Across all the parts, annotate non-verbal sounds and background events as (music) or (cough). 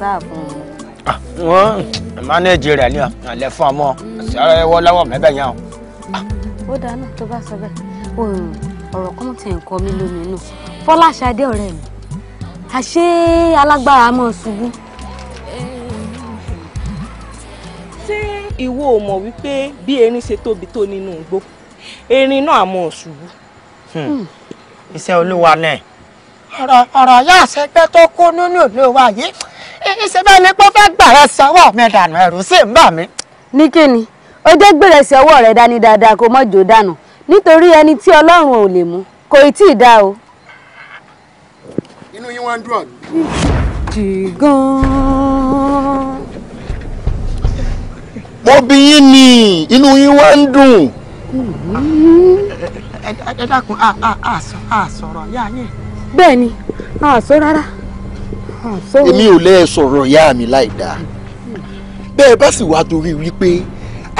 sáà fún un. Ah, wọ́n mánéèjì rẹ̀ ni àlẹ́ fún ọmọ ṣàrẹ́ ẹwọ́ lọ́wọ́ mẹ́bẹ̀ yẹn o. Ah. ó dáná tó bá sọ bẹ́ẹ̀ ọ̀rọ̀ kan tẹ̀ ń kọ mí lómi inú fọláṣadé ọ̀rẹ́ mi àṣé alágbára mọ̀ ṣubú. ṣé ìwọ ò mọ̀ wípé bí erin ṣe tóbi tó nínú igbó erin náà mọ̀ ṣubú. Hmm. iṣẹ́ olúwa náà. ọ̀rọ̀ ọ̀rọ̀ yá àṣẹgbẹ́ tó kó nínú ìlú wa yìí ìṣe bẹ́ẹ̀ ni pé ó fẹ́ gbàrà sí mi dànù ẹ̀rù sì ń bà mí. ní kíni ó jẹ́ gbèrè sí ọwọ́ dání dáadáa kó mọ́ jò dànù nítorí ẹni tí ọlọ́run ò lè mú kò tí ì dá o. inú yín wá ń dùn mo bí yín ni inú yín wá ń dùn. ẹ dákun a yáa bẹ́ẹ̀ a sọ Ah, èmi ò lẹ́ sọ̀rọ̀ ìyá mi láì dáa bẹ́ẹ̀ bá sì wá torí wípé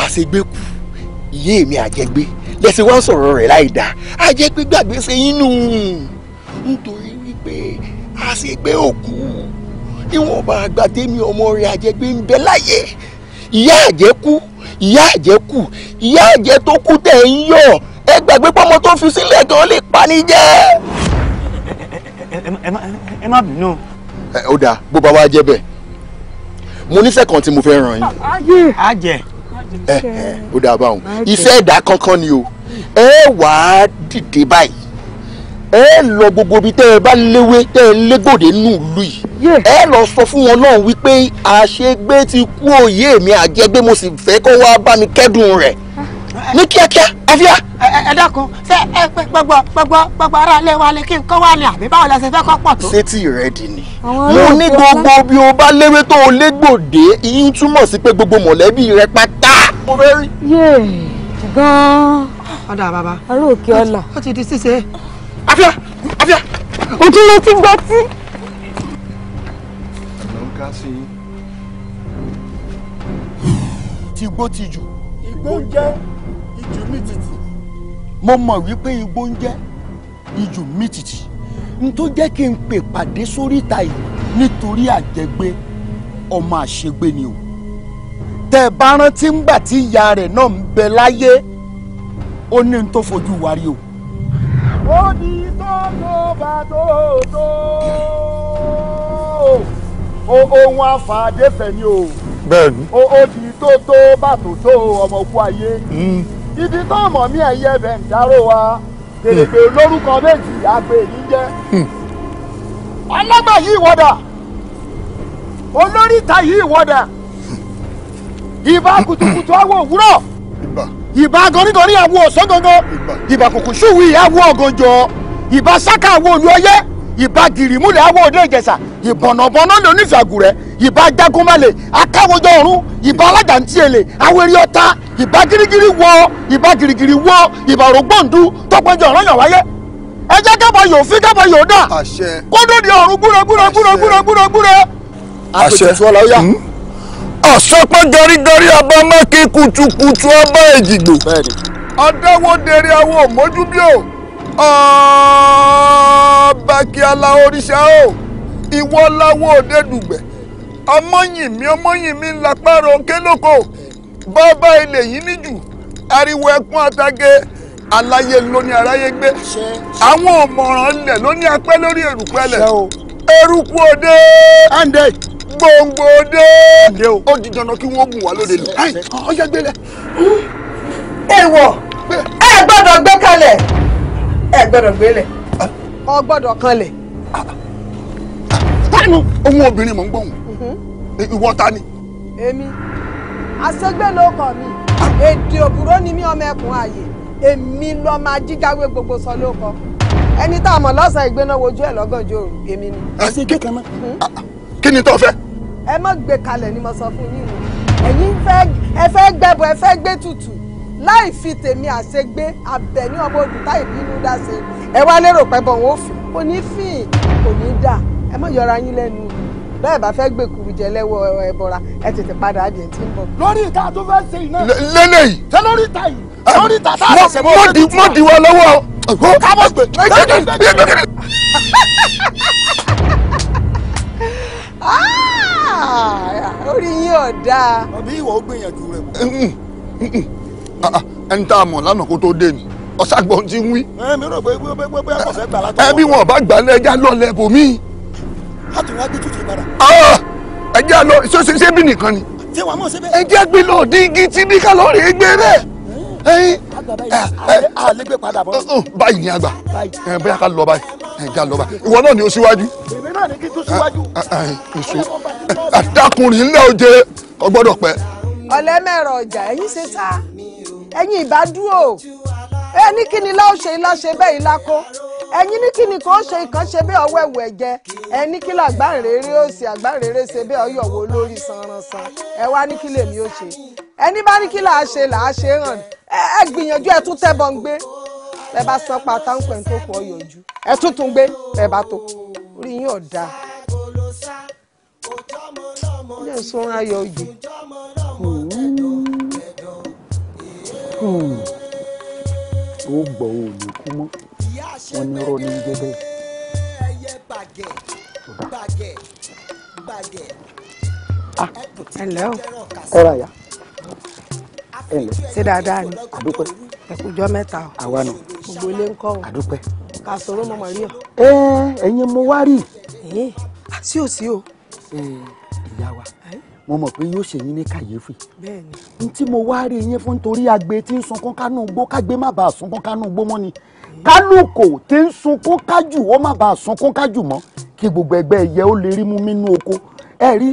àṣegbé kù ìyé mi àjẹgbé lẹ́sìn wá sọ̀rọ̀ rẹ̀ láì dáa àjẹgbé gbàgbé ṣe inú nítorí wípé àṣegbé òkú níwọ̀nba àgbà tèmi ọmọ rẹ̀ àjẹgbé ń bẹ láyé ìyá àjẹkú ìyá àjẹkù ìyá àjẹ tó kú tẹ̀ ń yọ̀ ẹ gbàgbé pọ́mọ tó fi sílẹ̀ gan lè pa ní jẹ́. ẹ má bínú ó dáa bó bá wá jẹ́ bẹ́ẹ̀ mo níṣẹ́ kan tí mo fẹ́ ràn yín. a jẹ. ẹ ẹ ó dáa báwọn iṣẹ́ ẹ̀dá kankan ni o ẹ wà á dìde báyìí ẹ lọ gbogbo ibi tẹ ẹ bá léwé tẹ ẹ légòdè nù lù yìí ẹ lọ sọ fún wọn náà wípé àṣegbé ti kú òye mi àjẹgbé mo sì fẹ́ kó wá bá mi kẹ́dùn rẹ̀ ní kíákíá àfíà. ẹ dákun ṣé ẹ pé gbogbo gbogbo gbogbo ara ilé wa lè kí n kọ́ wá ní àbí báwo la ṣe fẹ́ kọ́ pọ̀ tó. sétí rẹ dì ní. mo ní gbogbo bí o bá léwé tó o légbòde ìyín túmọ̀ sí pé gbogbo mọ̀lẹ́bí rẹ pátá mo fẹ́ rí. yéè gan-an. ọ̀dà bàbá. aró òkè ọ̀la. ó ti di ṣíṣe. àfíà àfíà. ojú ló ti gbọ́ tí. ló ń ká sí i. ti gbó ti jù. igbó jẹ́ ìjù mi tìtì mo mọ̀ wípé igbó ń jẹ́ ìjù mi n tó jẹ́ kí n pè pàdé sóríta yìí nítorí àjẹgbé ọmọ àṣegbé ni o tẹ́ ẹ bá rántí ńgbà tí ìyá rẹ̀ náà ń bẹ láyé ó ní n tó fojú wa o. ó ní tó bá tó tó ohun àfàdé fẹ̀ ni o. bẹ́ẹ̀ni. ó di tó tó bá tó ọmọ òkú ayé. Hmm ibi tó mọ̀ mí ẹ̀yẹ bẹ̀ ń dárò wa gbèrègbè lórúkọ méjì àgbè ní jẹ́ ọlọ́gbà yìí wọ́dà olóríta yìí wọ́dà ìbà kùtùkùtù awo òwúrọ̀ ìbà gọrígọrí awo ọ̀sán gangan ìbà kùkù ṣùwì awo ọ̀gànjọ́ ìbà sákà awo olú ọyẹ ìbà gìrìmúlẹ̀ awo òde ìjẹ̀ṣà ìbọ̀nàbọ̀nà lè oníṣàgùrẹ́ ìbá jagunmalè akáwọjọ ọ̀run ìbá alájàntìẹ̀lẹ̀ awẹ́rí ìbá girigiri wọ ìbá girigiri wọ ìbá òrógbòǹdù tọpọjọ ọ̀rọ̀ yàn wáyé ẹ jẹ́ kábọ̀ fi kábọ̀ yóò dà kódó di ọ̀run gbúre gbúre gbúre gbúre gbúre gbúre. àṣẹ ọ̀sọ́pọ̀ dorídorí ọba mọ́kì ọba èjìgbò ọ̀dẹ́wọ́dẹ̀rẹ̀ àwọn òmójúbíò ọba kí aláoríṣà o. ìwọ láwọ òde dùgbẹ̀ ọmọyìn mi ọmọyìn mi lápárọ̀ kélòkò bàbá ilé yìí níjù ariwo ẹkún àtàgé aláyé ló ní aráyé gbé àwọn ọmọràn lẹ ló ní apẹ lórí èrùpẹlẹ eruku òde gbòǹgbò òde ó di dandan kí wọn gùn wá lóde lọ. ọjà gbélé. èèwọ̀ ẹ gbọ́dọ̀ gbé kalẹ̀ ẹ gbọ́dọ̀ gbélé ọ gbọ́dọ̀ kanlẹ̀. Ah, ah. tánú ohun obìnrin mò ń gbóhùn mhm. ìwọ ta ni. èmi àṣegbè ló kọ mi èdè òbúrò ni mí ọmọ ẹkùn ààyè èmi lọ máa jígáwé gbogbo sọ ló kọ ẹni tá a mọ̀ lọ́sàn-án ìgbéná wojú ẹ̀ lọ́gànjọ́ òru èmi ni. àṣe kékeré mọ́ mhm. ah, ah. kí ni tó fẹ́. ẹ má gbé kalẹ̀ ni mo sọ fún yín ẹ̀yin ẹ fẹ́ gbẹ̀bọ̀ ẹ fẹ́ gbé tutù láì fi tèmi àṣegbé abẹ ní ọmọ òdùtá ìbínú dá ṣe ẹ wá lérò pẹ́ bọ̀ wọ́n ó fi kò ní fìhìn kò ní dà ẹ má yọra yín lẹ́nu bẹ́ẹ̀ bá fẹ́ gbèkuru jẹ lẹ́wọ́ ẹ̀bọ̀ra ẹ tètè padà adìẹ tí ń bọ̀. lórí ìta tó fẹ́ ṣe iná. lélẹ́yìí. ṣé lórí ìta yìí. lórí ìta tá a lọ sẹ́mọ́ lórí ìta. mo di wọn lọ́wọ́ o. kábọ̀ orí yín ò àbí ìwọ ó gbìyànjú rẹ. ẹni tá a mọ̀ lánàá kó tó dé ni ọ̀sàgbọ̀n ti ń wí. ẹ mi rò pé pé pé pé ọkọ̀ fẹ́ gbà látọ̀. ẹbí wọn ò bá gbà lẹ́jà lọ́lẹ̀ bòmíì a tún wá gbé tútù padà. ẹ jẹ́ lọ ṣé ṣé bí nìkan ni. ṣé wàá mọ̀ ṣe bẹ́ẹ̀. ẹ jẹ́ gbé lọ di igi tí bí kálọ́rì gbé bẹ́ẹ̀. àlẹ́ gbé padà bọ́. báyìí ni àgbà bóyá ká lọ báyìí ẹ já lọ báyìí ìwọ náà ni ó síwájú. èmi náà ni kí tó síwájú. èso oje ọgbọ́dọ̀ pẹ́. ọ̀lẹ́mẹ̀rọ ọjà ẹ̀yin ṣe sá ẹ̀yin ìbá dúró ẹ ní kí ni láò ṣe láṣẹ bẹ́ẹ̀ lákó ẹ̀yin ní kí ni kò ń ṣe ìkan ṣe bí ọwọ́ ẹ̀wù ẹ̀jẹ̀ ẹ ní kí làgbáǹrere ó sì àgbáǹrere ṣe bí ọyọ̀wò lórí sanransan ẹ wá ní kí lèmi ó ṣe ẹni bá ní kí làá ṣe làá ṣe hàn ẹ gbìyànjú ẹ tún tẹ́bọ̀ ń gbé ẹ bá san pa táǹpẹ̀ tó kọ ọyọ̀jú ẹ tún tún gbé ẹ bá tó orí yín ọ̀dà ilé ìsúnra ayọ̀ òjò. Hmm. Hmm. ó gbọ́ òòlù kú mọ́ onírò ní gẹ́gẹ́. ẹ o ẹ ra ya ṣé dáadáa ni àdúpẹ́. ẹ̀kújọ́ mẹ́ta o. àwa nù. gbogbo ilé ń kọ́ o. àdúpẹ́. kà sọ̀rọ̀ mọ́ màrí ọ. ẹ ẹ̀yin mo wá rí. Eh, ah, sí o sí o. ìyá wa mo mọ̀ pé yóò ṣe yín ní kàyéfì. bẹ́ẹ̀ni. n tí mo wá rí yín fún nítorí agbe tí ń sunkún kánú gbó kágbe má bàa sunkún kánú gbó mọ́ ni kálùkò tí ń sunkún kájù ó má bàa sunkún kájù mọ́ kí gbogbo ẹgbẹ́ ẹyẹ ó lè rí mú mi nú oko ẹ rí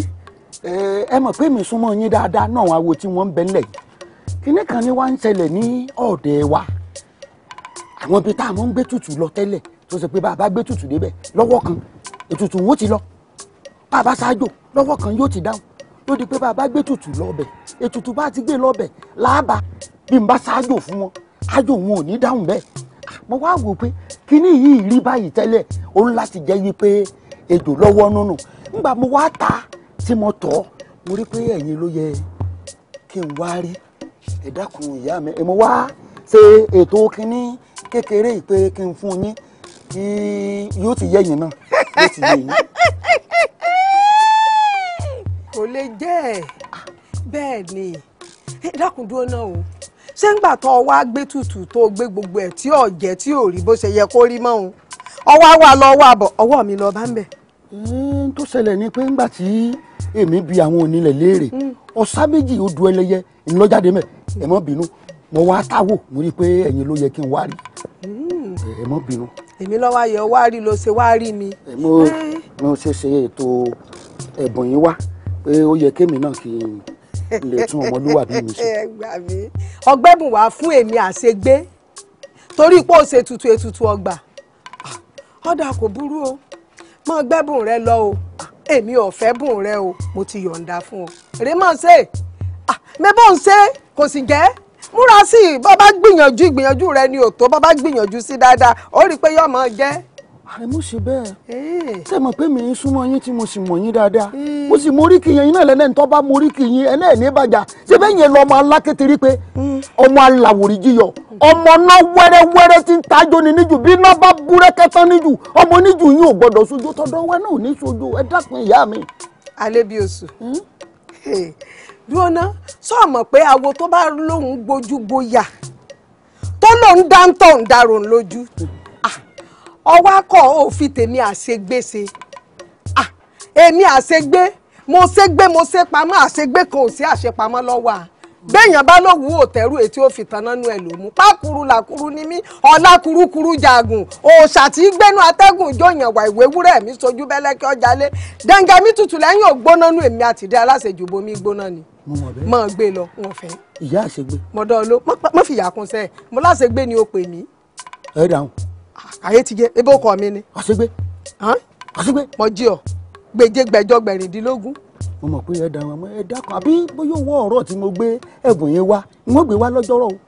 ẹ mọ̀ pé mi súnmọ́ yín dáadáa náà àwo tí wọ́n ń bẹ nílẹ̀ yìí kíní kan ni wá ń ṣẹlẹ̀ ní ọ̀dẹ̀ wa àwọn ibi tá a mọ̀ ń gbé tutù lọ tẹ́lẹ̀ tó ṣe pé bàbá gbé tutù débẹ̀ lọ́wọ́ kan ètùtù wọn ó ti lọ bàbá ṣáájò lọ́wọ́ kan yóò ti dáhùn ló di pé bàbá gbé tutù lọ́bẹ̀ ètùtù bá ti gbé lọ́bẹ̀ làábà bí n bá ṣáájò fún wọn ájò wọn ò ní dáhùn bẹ́ẹ̀ ah, mo wá wò pé kíní yìí rí báyìí tẹ́lẹ̀ òun láti jẹ́ yí pé èdò lọ́wọ́ nùnù nígbà mo wá ta tí mo tọ́ mo rí pé ẹ̀yin ló yẹ kí n wá rí ẹ dákun ìyá mi mo wá ṣe ètò kíní kékeré yìí kí n fún yín yóò ti yẹ náà yóò ti yẹ (laughs) kò lè jẹ́ ẹ̀ bẹ́ẹ̀ ni dákúndúró náà o ṣé ń gbà tó o wá gbé tutù tó o gbé gbogbo ẹ̀ tí ò jẹ́ tí ò rí bó ṣe yẹ kó rí mọ́ o ọwọ́ wa lọ wà bọ̀ ọwọ́ mi lọ bá ń bẹ̀. tó ṣẹlẹ̀ ni pé ńgbà tí èmi bi àwọn onílẹ̀ léèrè mm. ọ̀sá méjì odò ẹlẹ́yẹ ìlọ́jáde mẹ́ mm. ẹ má bínú mo wá táwò mo rí i pé ẹ̀yin ló yẹ kí n wá rí mm. ẹ má bínú. èmi lọ́wọ́ ayọ̀ wá rí ló ṣe wá rí mi. Eh. mo ṣe ṣe ètò ẹ̀bùn yín wá pé ó yẹ kémi náà kí n lè tún ọmọlúwàbí mi ṣe. (laughs) ọgbẹ́bùn wá fún èmi àṣegbé torí pé ó ṣe tutù ètùtù ọgbà ah, ọ̀dà kò burú o mọ gbẹ́bùn rẹ lọ o ah, èmi ò fẹ́ bùn rẹ o mo ti yọ̀ǹda fún ọ èrè mọ̀ ṣe ah, mẹ́bò ń ṣe kò sì jẹ́ múra sí i bọ́ bá gbìyànjú ìgbìyànjú rẹ ni ò tó bọ́ bá gbìyànjú sí dáadáa ó rí i pé yọ̀ọ́ mọ̀ jẹ́ àrẹ̀mú ṣe bẹ́ẹ̀ ṣe mọ̀ pé mi ń súnmọ́ yín tí mo sì mọ̀ yín dáadáa mo sì moríkì yín náà lẹ́lẹ́ni tó bá moríkì yín ẹlẹ́ẹ̀ní bàjá ṣe bẹ́ẹ̀ yẹn lọ hmm. ọmọ alákéteré pé ọmọ aláwòrí jíyọ ọmọ náà wẹ́rẹ́wẹ́rẹ́ ti ń tajọ ní níjù bí náà bá búrẹ́kẹ́ tán níjù ọmọ níjù yín ò gbọ́dọ̀ sojú tọ́dọ̀ wa náà ní sojú ẹ dákun ìyá mi. alẹ́ bí oṣù hmm? dúró ná sọ̀mọ̀ pé àwo tó bá lóun gbójú gbóyà tó lóun dáńtọ̀ ń darò lójú ọwọ́ akọ òfin tèmi àṣegbèsè ah, èmi àṣegbè mo ṣègbè mo ṣe pamọ́ àṣegbè kan ò sí àṣepamọ́ lọ́wọ́ à béèyàn bá lòwú òtẹ́rù ètí ó fi tanná nu ẹ̀ ló mú pákúrú làkúrú ní mí ọ̀la kúrúkúrú jagun òòṣà tí í gbénu atẹ́gùn ìjọyàn wà ìwé wúrẹ́ mi sojú bẹ́lẹ́kẹ́ ọ̀jalé dẹ̀ǹgẹ̀ mi tutù lẹ́yìn ògbóná nu èmi àtìdé aláṣejù bomi gbóná ni mọ̀ ọ́n gbé lọ wọn fẹ́. ìyá àṣegbè. mọ̀dọ́ ló mọ̀ fìyà kún sẹ́ẹ̀ mo láṣegbè ni ó pè mí. ẹ dáhùn ayé ti jẹ ebe ọkọ mi ni. àṣegbé àṣegbé. mo jí ọ gbèjé gbẹjọ gbẹ̀rìndínlógún. mo mọ̀ pé ẹ dàrún àmọ́ ẹ dákun àbí bóyá owó ọ̀rọ̀ tí mo gbé ẹ̀bùn yẹn wá ni wọ́n gbé wá lọ́jọ́rọ̀ o.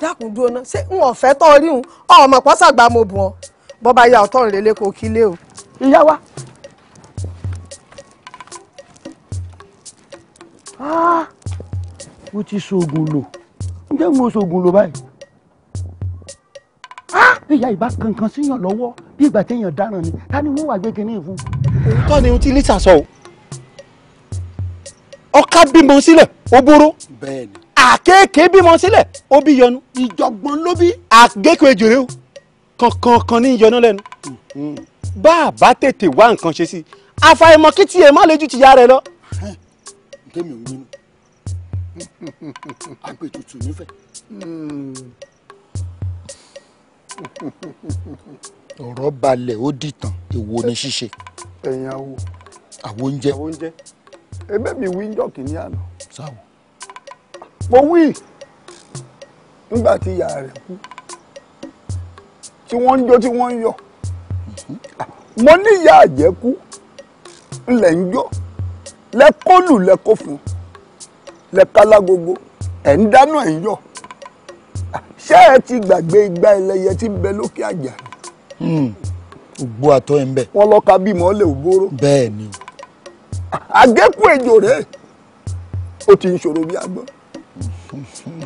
dákun dúró náà ṣé n ò fẹ́ tọ́ rí un ọmọ pọ́sàgbà mo bù ọ́ bọ́ bá ya ọ̀tọ́ ìrẹ̀lẹ̀ kò kí lé o. ìyá wa. Ah! mo ti ṣoògùn lò ǹjẹ́ mo ṣoògùn lò báyìí bí ìyá ìbá kankan síyàn lọ́wọ́ bí ìgbà téèyàn dáràn ni ta ni wọ́n wà gbé kinní fún. òótọ́ ni ohun tí lisa sọ o ọká bímọ sílẹ̀ ó bóró àkéèké bímọ sílẹ̀ ó bí yọnu. ìjọ̀gbọ́n ló bí. àgékò ejòrè o kankan ní yọnu lẹ́nu mm-hmm. bá a bá tètè wá nǹkan ṣe sí i àfàìmọ̀ kí tiẹ̀ má lè ju tìyá rẹ lọ. ǹkẹ́ mi ò ń (laughs) gbénu àpètùtù nífẹ̀ẹ́. Hmm ọ̀rọ̀ balẹ̀ ó dìtàn èwo ni ṣíṣe. ẹ̀yin awo. àwo oúnjẹ. àwo oúnjẹ ebe mi wí njọ́ kìíní àná. sáwọ. mo wí nígbà tí ìyá rẹ̀ kú tí wọ́n ń jó tí wọ́n ń yọ̀ mm-hmm. mo ní ìyá àjẹkú ńlẹ̀ ń jó lẹ́kọ́lù lẹ́kọ́ fún lẹ́kálágogo ẹ̀ ń dáná ẹ̀ ń yọ̀ ṣé ẹ ti gbàgbé igba ẹlẹ́yẹ tí ń bẹ lókè àjà. Hmm. ògbó àtọ ẹ ń bẹ. wọn lọ ka bímọ lè wúrò. bẹ́ẹ̀ ni. àgékù ejò rẹ ó ti ń ṣòro bí agbọ́n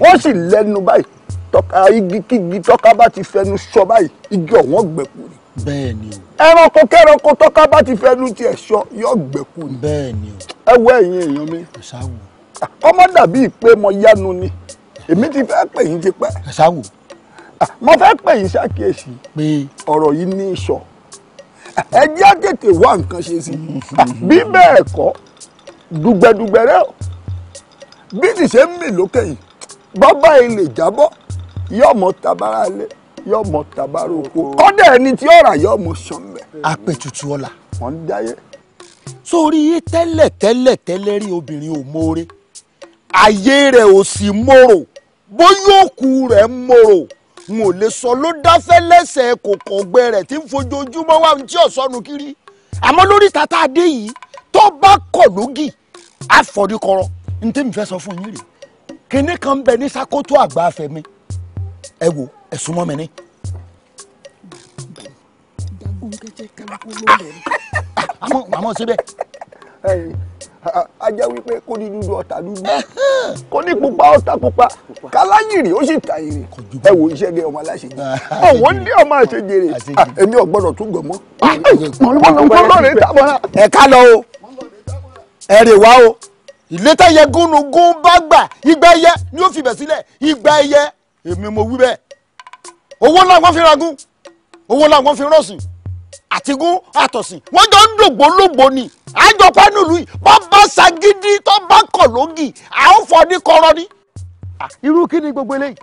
wọ́n sì lẹ́nu báyìí tọ́ka igi kígi tọ́ka bá ti fẹnu sọ báyìí igi ọ̀wọ́n gbẹ̀kú ni. bẹ́ẹ̀ ni o. ẹranko kẹranko tọ́ka bá ti fẹnu tiẹ̀ sọ yọ gbẹ̀kú ni. bẹ́ẹ̀ ni o. ẹ wọ ẹ̀yin èèyàn mi. ọmọ dàbí ìpè mọ yánu ni èmi ti fẹ́ pè yín ti pẹ́. ẹ ṣáwò. mo fẹ́ pè yín ṣàkíyèsí. pé ọ̀rọ̀ yìí ní sọ ẹ jẹ́ tètè wá nǹkan ṣe sí bí bẹ́ẹ̀ kọ́ dùgbẹ̀dùgbẹ̀ rẹ̀ bí ti ṣe ń mì lókè yìí bàbá ilé jábọ́ yóò mọ tabara lé yóò mọ tabara oko ọdẹ ẹni tí ọ̀rà yóò mọ sọmẹ. apẹ̀tùtù ọ̀la. wọ́n ń dáyé. sórí tẹ́lẹ̀ tẹ́lẹ̀ tẹ́lẹ̀ rí obìnrin ò mọ́ọ́rẹ́ ayé rẹ̀ ò sì mòrò bóyá òkú rẹ̀ ń mòrò n ò lè sọ ló dáfẹ́ lẹ́sẹ̀ kòkò ọgbẹ́ rẹ̀ tí ń fojoojúmọ́ wá tí ò kiri àmọ́ lórí tata adé yìí tó bá kọ̀ lógì àfọ̀díkọrọ ní tèmi fẹ́ sọ fún yín rèé kinní kan bẹ ní sakoto àgbà fẹmi ẹ wo ẹ súnmọ́ mi ní. àmọ́ àmọ́ síbẹ̀ a jẹ́ wípé kó ní dúdú ọ̀tá dúdú kó ní pupa ọ̀tá pupa káláyìrì ó sì ta ìrì ẹ wo iṣẹ́ gẹ ọmọ aláṣejì ọ̀wọ́n (laughs) ní ọmọ àṣejèrè ah, èmi ò gbọ́dọ̀ tún gọ̀ mọ́ ọlọ́run tábọ̀ra. ẹ ká lọ o ẹ rè wá o ìlétà yẹ gúnugún bá gbà igba ẹyẹ ni ó fi bẹ̀ sílẹ̀ igba ẹyẹ èmi mo wí bẹ́ẹ̀ owó làwọn fi ragún owó làwọn fi rọ̀sùn àtigún àtọ̀sìn wọ́n jọ ń dògbò lógbò ni àjọpọ̀ nílùú yìí bá bá ṣagídí tó bá kọ̀ lógì à ń fọ ní kọ́rọ́ ni. irú kí ni gbogbo eléyìí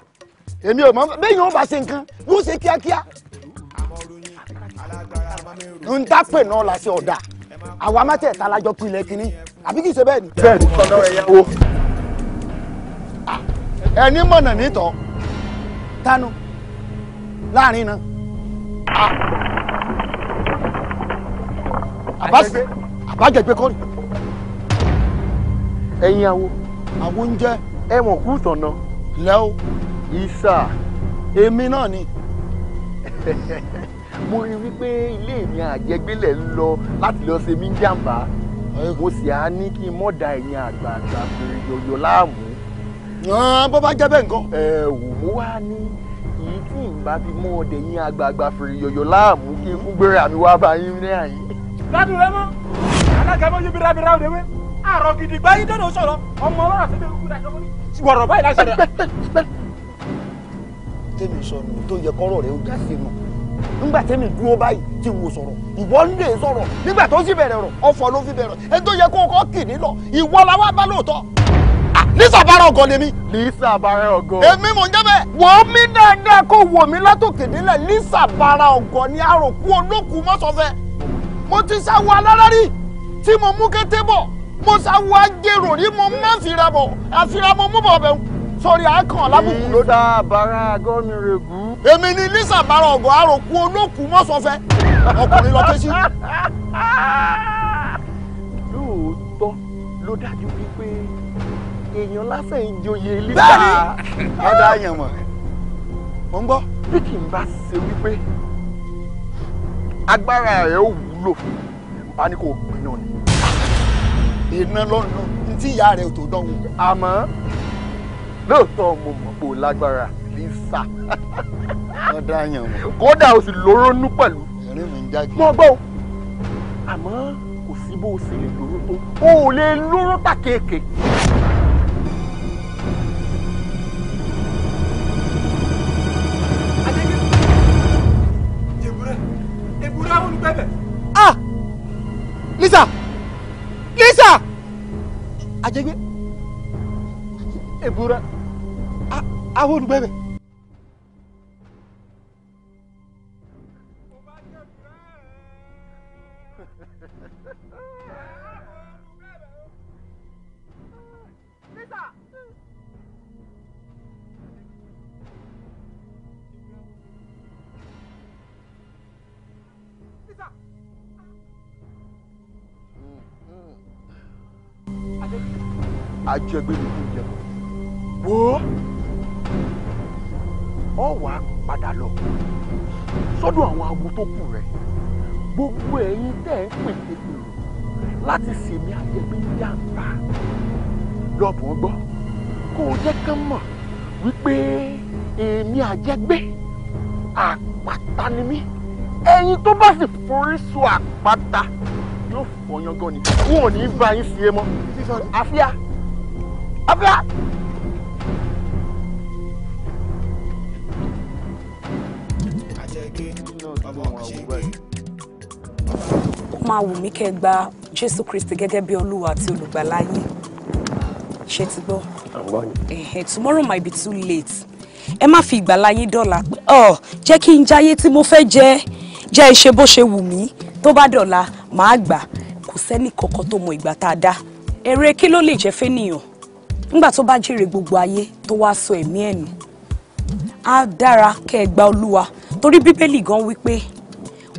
èmi ò mọ bẹ́ẹ̀ yóò bá ṣe nǹkan yóò ṣe kíákíá. n ta pè náà la ṣe ọ̀dà àwa mátẹ̀ẹ̀ta la jọ pilẹ̀ kínní àbí kìí ṣe bẹ́ẹ̀ ni. bẹ́ẹ̀ ni tọ́lọ́ ẹ̀yà wo. ẹni mọ̀nà nítọ̀ tánu láàrin náà àbájẹgbẹ kọ́ ni. ẹ̀yin awo. àwo ń jẹ́. ẹ̀wọ̀n kú tọ̀nà. lẹ́ o. ìsà. èmi náà ni. (laughs) mo rí i wípé ilé mi àjẹgbélẹ̀ ń lọ láti lọ ṣe mí jàǹbá mo sì á ní kí n mọ̀ da ẹ̀yin àgbààgbà fèrè yòyò láàmú. bó bá jẹ́ bẹ́ẹ̀ nǹkan. ẹ wò mo wá ní èyí tí ìbá ọdẹ yín àgbààgbà fèrè yòyò láàmú kí n kú gbéra mi wá bá yín ní àyè gbádùn rẹ mọ́ alága mọ́ yóbi rábìrá òde wé àrò gidi gbáyé dọ́nà sọ̀rọ̀ ọmọ ọlọ́run àti ẹgbẹ́ kúkú dájọ́ mọ́ni wọ̀rọ̀ báyìí láti rẹ̀. tèmi sọnù tó yẹ kọ́rọ̀ rẹ ó já sí inú nígbà tèmi dúró báyìí tí wò sọ̀rọ̀ ìwọ ń lè sọ̀rọ̀ nígbà tó sì bẹ̀rẹ̀ rọ̀ ọ̀fọ̀ ló fi bẹ̀rẹ̀ ẹ tó yẹ kó kọ́ kì nílọ ìwọ la wá bá lóòótọ́ lisa bara ọgọ lèmi. lisa bara ọgọ. èmi mò ń jẹ́ bẹ́ẹ̀. wò ó mí dáadáa kó wò mí látòkè nílẹ̀ lisa bara ọgọ ni àròkù olókùú mọ́sọ̀fẹ́ mo ti sáwọ alárárí tí mo mú kété bọ̀ mo sáwọ ajérò rí mo má fira bọ̀ àfira mo mú bọ̀ bẹ̀rù sórí àkàn lábùkù ló dá bàrà agọ́nirègún. èmi ni lisa bàrà ọ̀gọ̀ àròkù olóòkú mọ́sọ̀fẹ́ ọkùnrin lọ kẹ́sí. lóòótọ́ ló dájú wípé èèyàn lásán ń joyè lisa adáyànmọ́ mo ń gbọ́. bí kì í bá ṣe wípé agbára rẹ̀ ò wù lò bá ní kò gbiná ni iná lọ́nà tí ìyá rẹ̀ tó dánwò. àmọ́ lóòótọ́ mo mọ̀ pé o lágbára lisa. wọ́n yàn wọ́n. kódà o sì lóró pẹ̀lú. ẹ̀rín mi ń jáde. mo gbọ́ àmọ́ kò sí bó o sì lè lóró tó o ò lè lóró tàkéèké. àjẹgbé èbúra ahónúgbẹ́bẹ̀. ajẹgbẹ́ mi kò jẹ wo ọ wà padà lọ sọ́dọ̀ àwọn awo tó kù rẹ gbogbo ẹ̀yin tẹ́ ń pèsè èrò láti sèmi ajẹgbẹ́ ní àgbà lọ́bùn gbọ́ kó o jẹ́ kán mọ̀ wípé èmi àjẹgbé àpáta ni mí ẹ̀yin tó bá sì forí sọ àpáta yóò fọyán gan ni wọn ò ní bá yín sí e mọ́ àfíà. Abla! Ó máa wù mí kẹ́ gba Jésù Kristi gẹ́gẹ́ bí Olúwa àti Olùgbàlà yín. Ṣé ti gbọ́? Ẹ̀hẹ̀ tomorrow might be too late. Ẹ má fi ìgbàlà yín dọ̀la pé ọ̀ jẹ́ kí n jáyé tí mo fẹ́ jẹ jẹ́ ìṣe bó ṣe wù mí tó bá dọ̀la màá gbà kò sẹ́nì kankan tó mọ ìgbà tá a dá. Èrè kí ló lè jẹ́ fẹ́nìyàn? nígbà tó bá jèrè gbogbo ayé tó wá sọ ẹ̀mí ẹ̀ nù á dára kẹ́ ẹ gba olúwa torí bíbélì gan wípé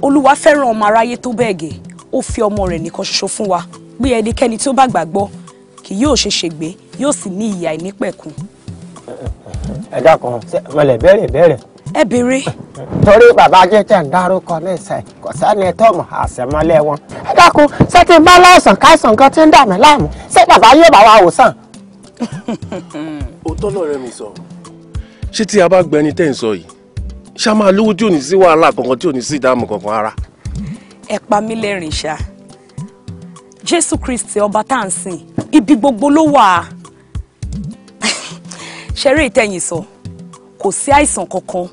olúwa fẹ́ràn ọmọ aráyé tó bẹ́ẹ̀ gẹ́ ó fi ọmọ rẹ̀ nìkan ṣoṣo fún wa pé ẹnikẹ́ni tí ó bá gbàgbọ́ kì yóò ṣe ṣègbé yóò sì ní ìyà ìnípẹ̀kun. ẹ dákun mo lè béèrè ẹ béèrè. torí bàbá jẹ́jẹ́ ń dárúkọ nísìnyí kò sẹ́ni tọ́mù àṣẹmọ́lẹ̀ wọn. ẹ dákun ṣé kí n bá láìsàn káìsàn kan tí ń dà mí láàmú ṣé bàbá yóò bá wa wò sàn òótọ́ lọ̀rẹ́ mi sọ. ṣé tí a bá gbẹni tẹ́ ń sọ yìí ṣá máa lówó tí ò ní sí wàhálà kankan tí ò ní sí ìdààmú kankan ara. ẹ pa mí lẹ́rìn ṣá jésù kristi ọba tá à ń sìn ibi gbogbo ló wà (laughs) ṣeré ìtẹ̀yìn sọ kò sí àìsàn kankan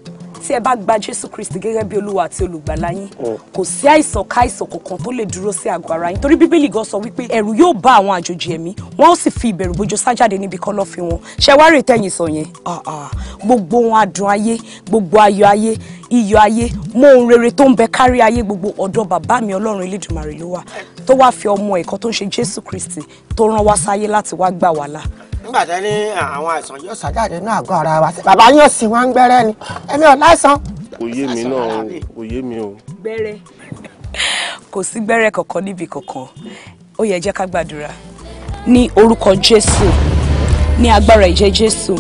tí ẹ bá gba jésù kristi gẹ́gẹ́ bí olúwa àti olùgbàlà yín mm. kò sí àìsàn káìsàn kankan tó lè dúró sí àgọ́ ara yín torí bíbélì gan sọ wípé ẹ̀rù yóò bá àwọn àjòjì ẹ̀mí wọ́n ó sì fi ìbẹ̀rù bójó sájáde níbi kan lọ́ọ́ fi wọn ṣe wá rè tẹ̀yìn sọ yẹn ah, ah. gbogbo ohun adùn ayé gbogbo ayọ̀ ayé iyọ̀ ayé mọ ohun rere tó ń bẹ kárí ayé gbogbo ọ̀dọ̀ bàbá mi ọlọ́run elédùnmarè ló wà tó wá fi ọmọ ẹ̀kọ́ tó ń ṣe jésù kristi tó rán wá sáyé láti wá gbà wá là nígbà tẹ ní àwọn àìsàn yóò ṣàjáde ní àgọ́ ara wa bàbá yóò sì wá ń gbẹ́rẹ́ ni ẹ̀mí ò láìsàn. kò yé mi náà kò yé mi o. gbẹ́rẹ́ kò sí gbẹ́rẹ́ kankan níbi kankan ó yẹ jẹ́ ká gbàdúrà ní orúkọ jésù ní agbára ìjẹ jésù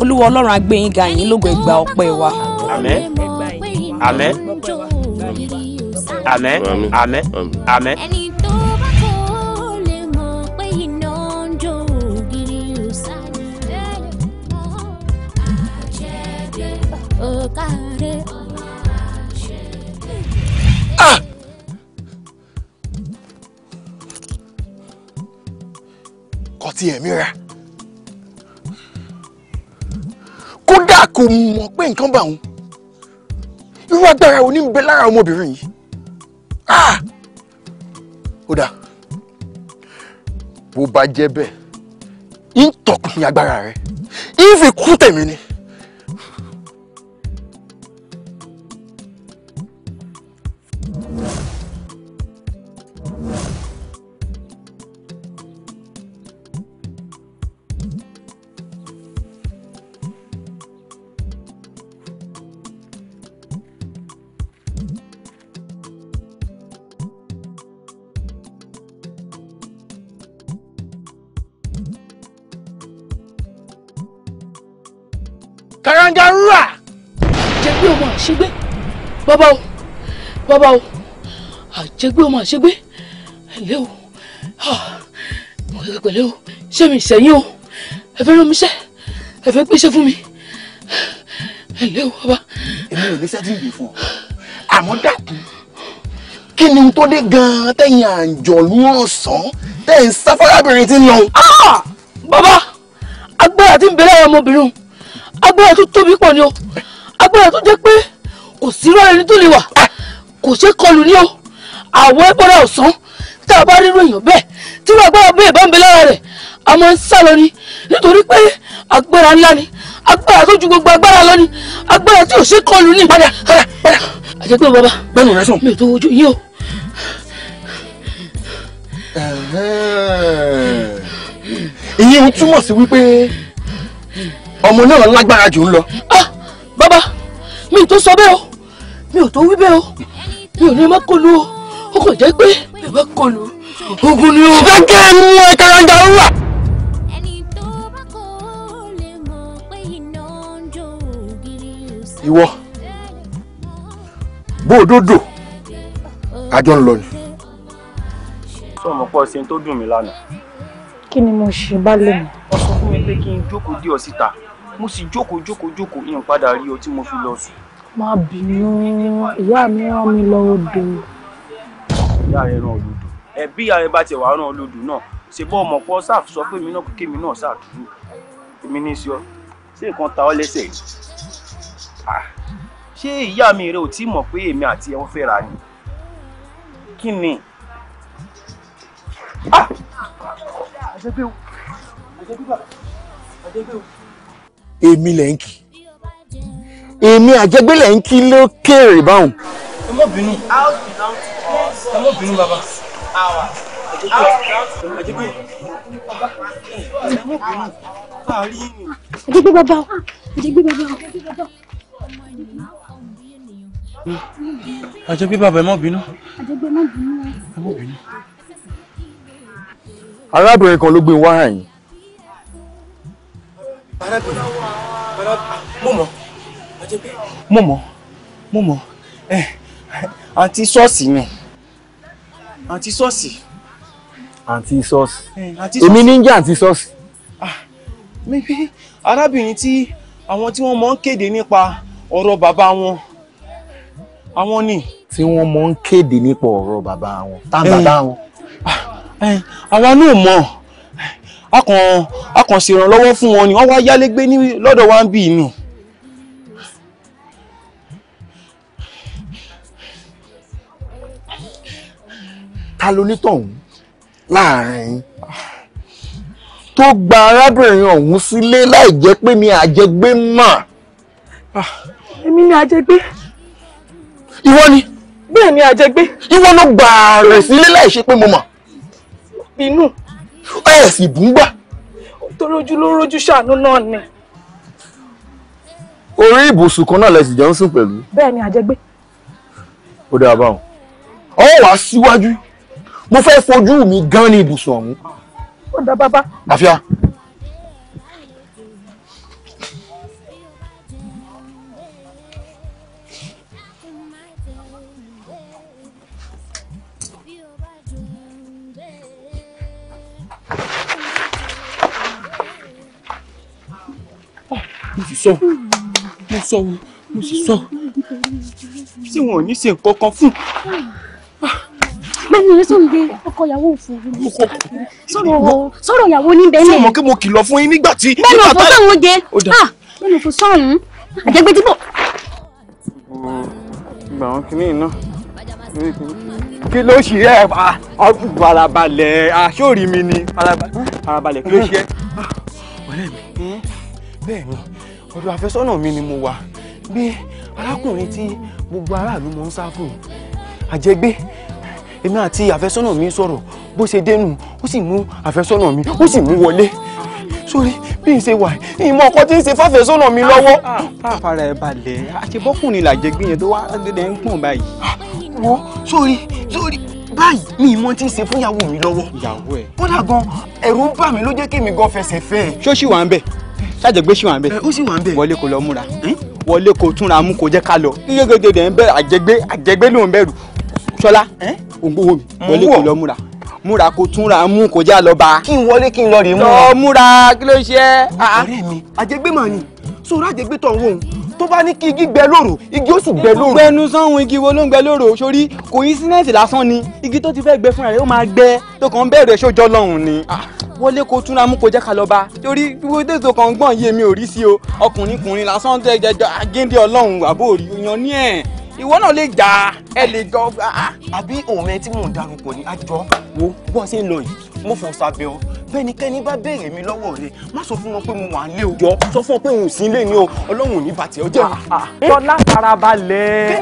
olúwa ọlọ́run á ga yín lógo ẹgbà ọpẹ́ wa. àmín àmín àmín àmín àmín káre. Ah! kò tiẹ̀ mìíràn kódà kò mọ̀ pé nǹkan bá òun irú agbára òní ń bẹ lára ọmọbìnrin yìí ah! ó dáa bó bá jẹ́ bẹ́ẹ̀ ń tọkùn ní agbára rẹ̀ ń fi ni. àjẹgbé ọmọ àṣegbé bàbá o bàbá o àjẹgbé ọmọ àṣegbé ẹlẹ o mo kẹkẹ pẹ̀lẹ́ o ṣé mi sẹ́yìn o ẹ fẹ́ rán mi sẹ́ ẹ fẹ́ pèsè fún mi ẹlẹ o bàbá. èmi ò ní sẹ́tì ìgbè fún ọ àmọ́ dákun kí ni tó dé gan-an tẹ̀yìn àjọ̀lú ọ̀sán tẹ̀yìn sáfárábìnrin ti ń lọ. bàbá agbára tí ń bẹ̀rẹ̀ ọmọbìnrin agbára tó tóbi pọ̀ ni o agbára tó jẹ́ pé kò sí rárá ẹni tó lè wà ah! kò ṣeé kọlù ní o àwọn ẹgbọ́ra ọ̀sán tá a bá rírò èèyàn bẹ́ẹ̀ tí wọ́n agbára bẹ́ẹ̀ bá ń bẹ lára rẹ̀ a máa ń sá lọ ni nítorí pé agbára ńlá ni agbára tó ju gbogbo agbára lọ ni agbára tí ò ṣeé kọlù ní. padà padà padà àjẹgbẹ́ bàbá gbẹ́nu rẹ sùn mi ò tó ojú yín o. ìyẹn ń túmọ̀ sí wípé ọmọ náà lágbára jù ń lọ. ah bàbá mi tó sọ bẹ́ẹ̀ o mi ò tó wí bẹ́ẹ̀ o mi ò ní má kọlu o ó kàn jẹ́ pé mi bá kọlu ogun ni o. ṣùgbọ́n kí ẹ mú ẹ kẹrẹ́ńdà ó wà. ìwọ bóòdòdò àjọ ń lọ ni. sọ mo pọ ṣe ń tó dùn mí lánàá. kí ni mo ṣe bá lè mọ. ọkọ fún mi pé kí n jókòó dé ọ síta mo sì jókòó jókòó jókòó ìyàn padà rí ọ tí mo fi lọ sùn. má bínú ìyá mi rán mi lọ odò. ìyá rẹ rán olódò ẹbí ìyá rẹ bá tiẹ̀ wá rán olódò náà ṣe bọ́ ọmọ pọ́ sáà sọ pé mi náà kémi náà sáà dúró èmi ní sí ọ ṣé nǹkan ta ọ lẹ́sẹ̀ yìí ṣé ìyá mi rẹ ò tí mọ̀ pé èmi àti ẹ̀ ń fẹ́ra ni kí ni ah àjẹgbẹ́wò àjẹgbẹ́wò àjẹgbẹ́wò èmi lẹ̀ ń kì èmi àjẹgbé lẹ̀ ń kí lókèrè báwọn. ẹ mọ bínú ẹ mọ bínú bàbá àjẹgbé àjẹgbé àjẹgbé bàbá àjẹgbé bàbá. àjẹgbé bàbá ẹ mọ bínú. àjẹgbé ẹ mọ bínú. arábìnrin kan ló gbé wáhà yìí. mo mọ̀ mo mọ̀ ẹ àǹtí ṣọ́ọ̀ṣì ni àǹtí ṣọ́ọ̀ṣì. àǹtí ṣọ́ọ̀ṣì èmi ní jẹ́ àǹtí ṣọ́ọ̀ṣì. maybe arábìnrin tí àwọn tí wọ́n mọ̀ ń kéde nípa ọ̀rọ̀ bàbá wọn àwọn ni. tí wọ́n mọ̀ ń kéde nípa ọ̀rọ̀ bàbá wọn tá eh, bàbá wọn. Ah, eh, àwa náà mọ̀ a kàn ṣèrànlọ́wọ́ fún wọn ni wọ́n wá yálégbé lọ́dọ̀ wa ń bì ní. ta ló nítọ̀hún láàrin tó gba arábìnrin ọ̀hún sílé láì jẹ́ pé mi àjẹgbé mà. Ah, èmi ni àjẹgbé. ìwọ ni. bẹ́ẹ̀ ni àjẹgbé. ìwọ ló gbà rẹ̀ sílé láì ṣe pé mo mọ̀. inú. ẹ sì bù ń gbà. tó rojú ló rojú ṣàánú náà ni. orí ibùsùn kan náà lẹsìn jọ ń sùn pẹ̀lú. bẹ́ẹ̀ ni àjẹgbé. ó dáa báwọn ọwọ́ wàá síwájú mo fẹ́ fojú mi gan ní ibùsùn ọ̀hún. wọ́n dá bábá. àfíà. mo sì sọ mo sọ mo sì sọ ṣé wọn ò ní ṣe nǹkan fún mẹ́ni yẹn sọ̀rọ̀ gbé ọkọ ìyàwó òfin sọ̀rọ̀ ìyàwó ní bẹ́ẹ̀ náà. sọ̀rọ̀ kí mo kìlọ̀ fún yín nígbà tí. bẹ́ẹ̀ ni òfò sọ̀hún jẹ ah, bẹ́ẹ̀ ni òfò sọ̀hún àjẹgbẹ́ dípò. gbà wọn kí ni iná kí ló ṣe ẹ ah, farabalẹ̀ aṣọ́ọ̀rì ah, mi ni farabalẹ̀ kí ló ṣe ẹ. ọ̀rẹ́ mi bẹ́ẹ̀ ni ọ̀dọ̀ àfẹ́sọ́nà mi ni mo wà bí arákùnrin tí gbogbo aráàlú mọ̀ ń sá fún àjẹgbé èmi àti àfẹ́sọ́nà mi sọ̀rọ̀ bó ṣe dénú ó sì mú àfẹ́sọ́nà mi ó sì mú wọlé sórí bí n ṣe wà ìmọ̀ ọkọ tí ń ṣe fáfẹ́sọ́nà mi lọ́wọ́. Ah, ah, ah, fara ẹ balẹ̀ àṣebọ́kùnrin làjẹ gbìyànjú tó wá dédé ń pọ̀n báyìí. wo sórí sórí báyìí ni ìmọ̀ tí ń ṣe fúnyàwó mi lọ́wọ́. ìyàwó ẹ. kódà gan ẹ̀rù ń bà mí ló jẹ́ kí mi gan fẹsẹ̀ fẹ́ ẹ. ṣó ṣì wà ń bẹ̀ ṣàjẹgbé ṣì wà ń bẹ̀. ó sì wà ń bẹ̀. wọlé kó lọ múra wọlé kó túnra mú kó jẹ́ ká lọ. iye gèdè dẹ̀ ń bẹ̀rẹ̀ àjẹgbé àjẹgbé ló ń bẹ̀rù. ṣọlá ògbówó mi wọlé kò lọ múra múra kó túnra mú kó já lọ bá. kí n wọlé kí n lọ rè é múra. lọ múra kí ló ń ṣe. Ah, ah. ọ̀rẹ́ mi àjẹgbé màá ni sóòrò àjẹgbé tó ń wò ó tó bá ní kí igi gbẹ lóòrò igi ó sì gbẹ lóòrò. gbẹnu sanwó igi wo ló ń gbẹ lóòrò sórí kò yí sínẹ́ẹ̀sì lásán ni igi tó ti fẹ́ gbẹ fúnra rẹ̀ ó máa gbẹ tó kàn ń bẹ̀rẹ̀ sójọ́ lọ́hùn ni. Ah, wọlé kó túnra mú kó jẹ́ ká lọ bá torí gbogbo tètò kan gbọ́n yé mi ò rí sí o ọkùnrin kùnrin lásán jẹ́ jẹ́jọ́ agéńdé ọlọ́run àbóòrí yan ìwọ náà lè jà ẹ lè jọ. Ah, ah. àbí òun ẹ tí mò ń darúpọ̀ ní àjọ wo bó ṣe ń lọ yìí mo fọ sábẹ́ ọ bẹ́nikẹ́ni bá béèrè mi lọ́wọ́ rẹ má sọ fún wọn pé mo wà ń lé o jọ sọ fún wọn pé òun ò sí ilé ni o ọlọ́run ò ní bàtẹ́ ọ jẹ́ mi. tọ́lá ah, farabalẹ̀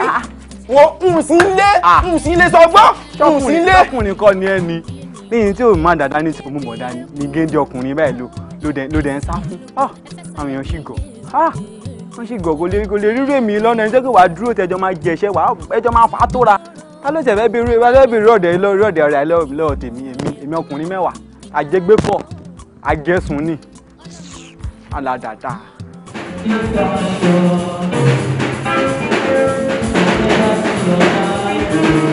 wo n sí ilé n sí ilé sọ gbọ́ n sí ilé. ọkùnrin kan ni ẹni lẹ́yìn tí òun máa dàda ní ìsìnkú mọ̀ọ́dá ni géńdé ọkùnrin báyìí ló dẹ̀ ń sá fún àwọn èèyàn ṣì gọ̀ wọ́n ṣe gọ̀gọ̀ lérí kò lè rírò èmi lọ́nà ẹni tó wá dúró tẹjọ́ máa jẹ̀ṣẹ́ wá ẹjọ́ máa fà á tóra ta ló tẹ̀fẹ́ bí rírò ọ̀dẹ̀ rírọ̀dẹ̀ ọ̀rẹ́ lọ́wọ́ tèmi èmi ọkùnrin mẹ́wàá àjẹgbẹ́kọ̀ àjẹsùn ni aládàáda. Thank you.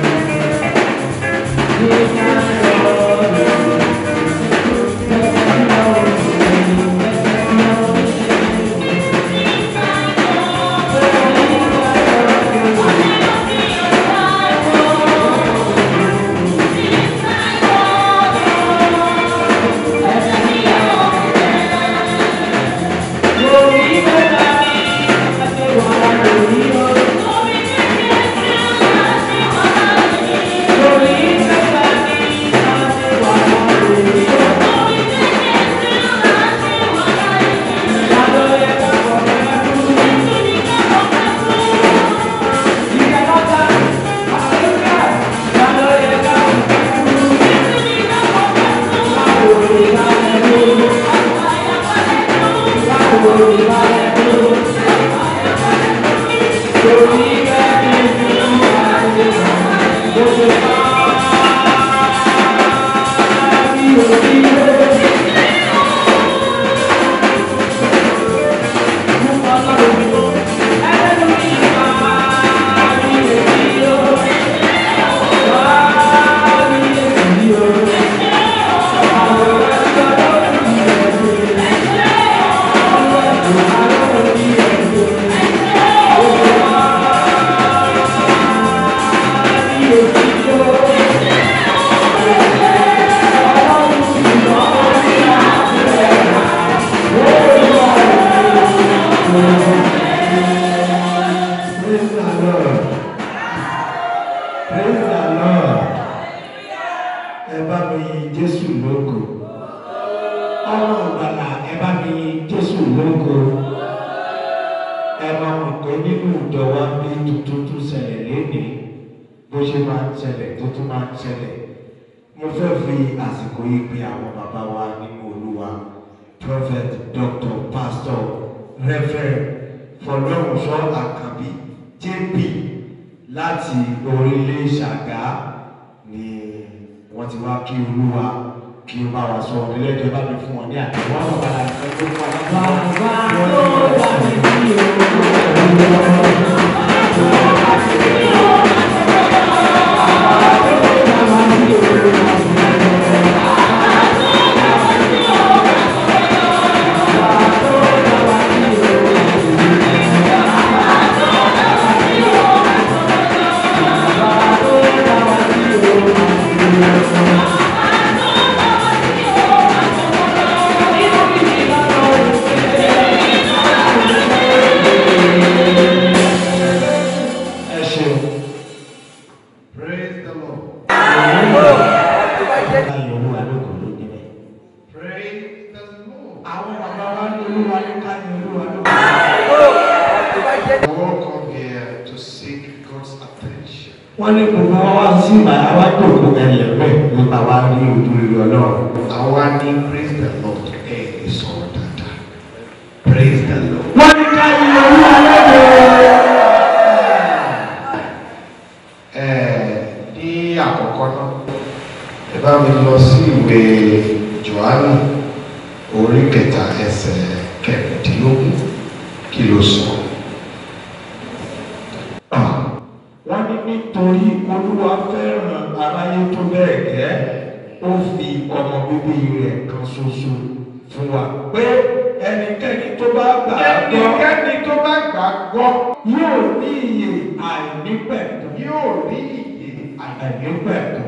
gbàgbọ́ yóò ní ìyè àìnípẹ̀tàn yóò ní ìyè àìnípẹ̀tàn.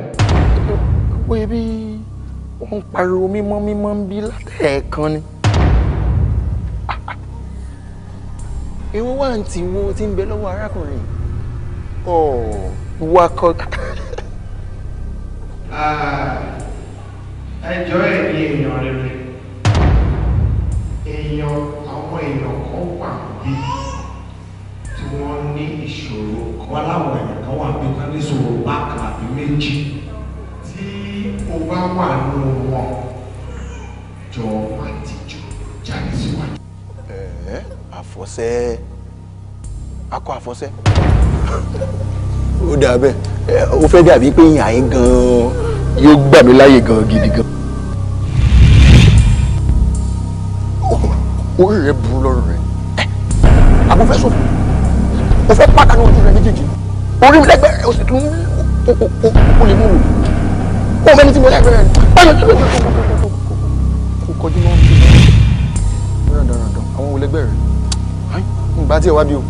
pé bí wọ́n ń pariwo mímọ́ mímọ́ ń bí látẹ̀ẹ̀kan ni. ewu wà ń tì wo ti ń bẹ lọ́wọ́ arákùnrin ìwà kan. Ah, ẹjọ́ ẹ̀ ní èèyàn rere èèyàn àwọn èèyàn kan wà wọ́n ní ìṣòro wọ́n láwọn èèyàn kan wà bí wọ́n ní ìṣòro bákan àbí méjì tí o bá wà nù wọn jọ àtijọ́ jáde síwájú. ẹ ẹ àfọ̀ṣẹ akọ àfọ̀ṣẹ ó dà ó fẹ́ dàbí pé ìyàn yín gan yóò gbà mí láyè gan gidi gan. orí rẹ burú lọ́rùn rẹ abúfẹ́sọ̀fọ̀ o fẹ́ pàdánù ojú rẹ méjèèjì orí mi lẹ́gbẹ̀ẹ́ o sì tún o lè mú wò o mẹ́ni tí mo lẹ́gbẹ̀ẹ́ rẹ báyọ̀ tó lè kó kọjú mọ́ dandandandan àwọn wo lẹ́gbẹ̀ẹ́ rẹ nígbà tí ẹ wá bí o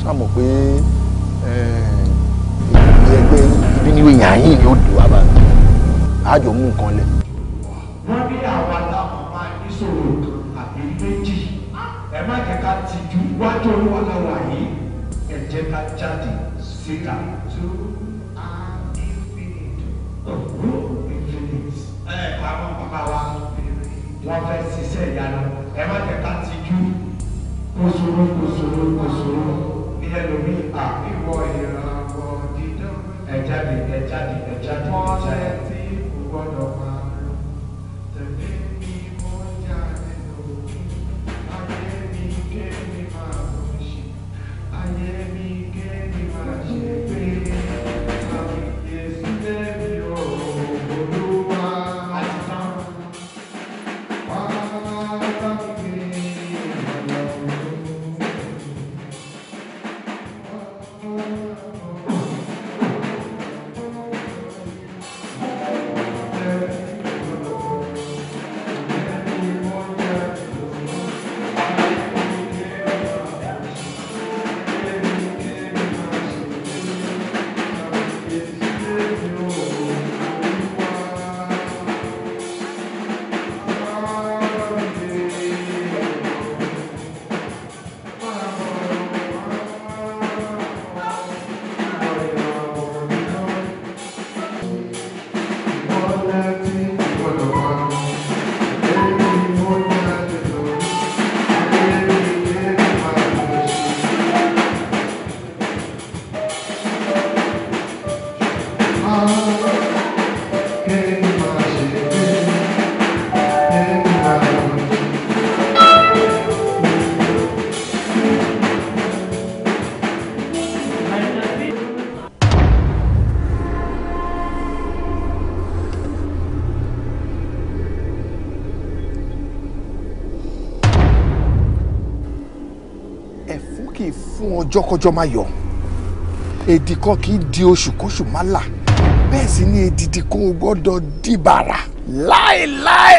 ṣáà pé ìpínlẹ̀ ẹgbẹ́ ibi ni èèyàn yìí yóò dùn wá bá a jọ mú nǹkan lẹ̀. wọ́n bí àwọn àtàwọn. iwájú olúwa la wà yìí ẹ jẹ́ ká jáde síta. to an infinite. ọ̀rọ̀ infinite. ẹ àwọn bàbá wa wọ́n fẹ́ ṣiṣẹ́ ìyanu ẹ má jẹ́ ká ti jú kòsòrò kòsòrò kòsòrò ní ẹlòmíì à. ìwọ ìrànwọ́ dídán. ẹ jáde ẹ jáde ẹ jáde. wọ́n ṣe tí kò ọjọ́ kọjọ́ máa yọ èdè kan kì í di oṣù kóṣù má là bẹ́ẹ̀ sì ni èdìdì kan ò gbọ́dọ̀ dìbàrà láéláé.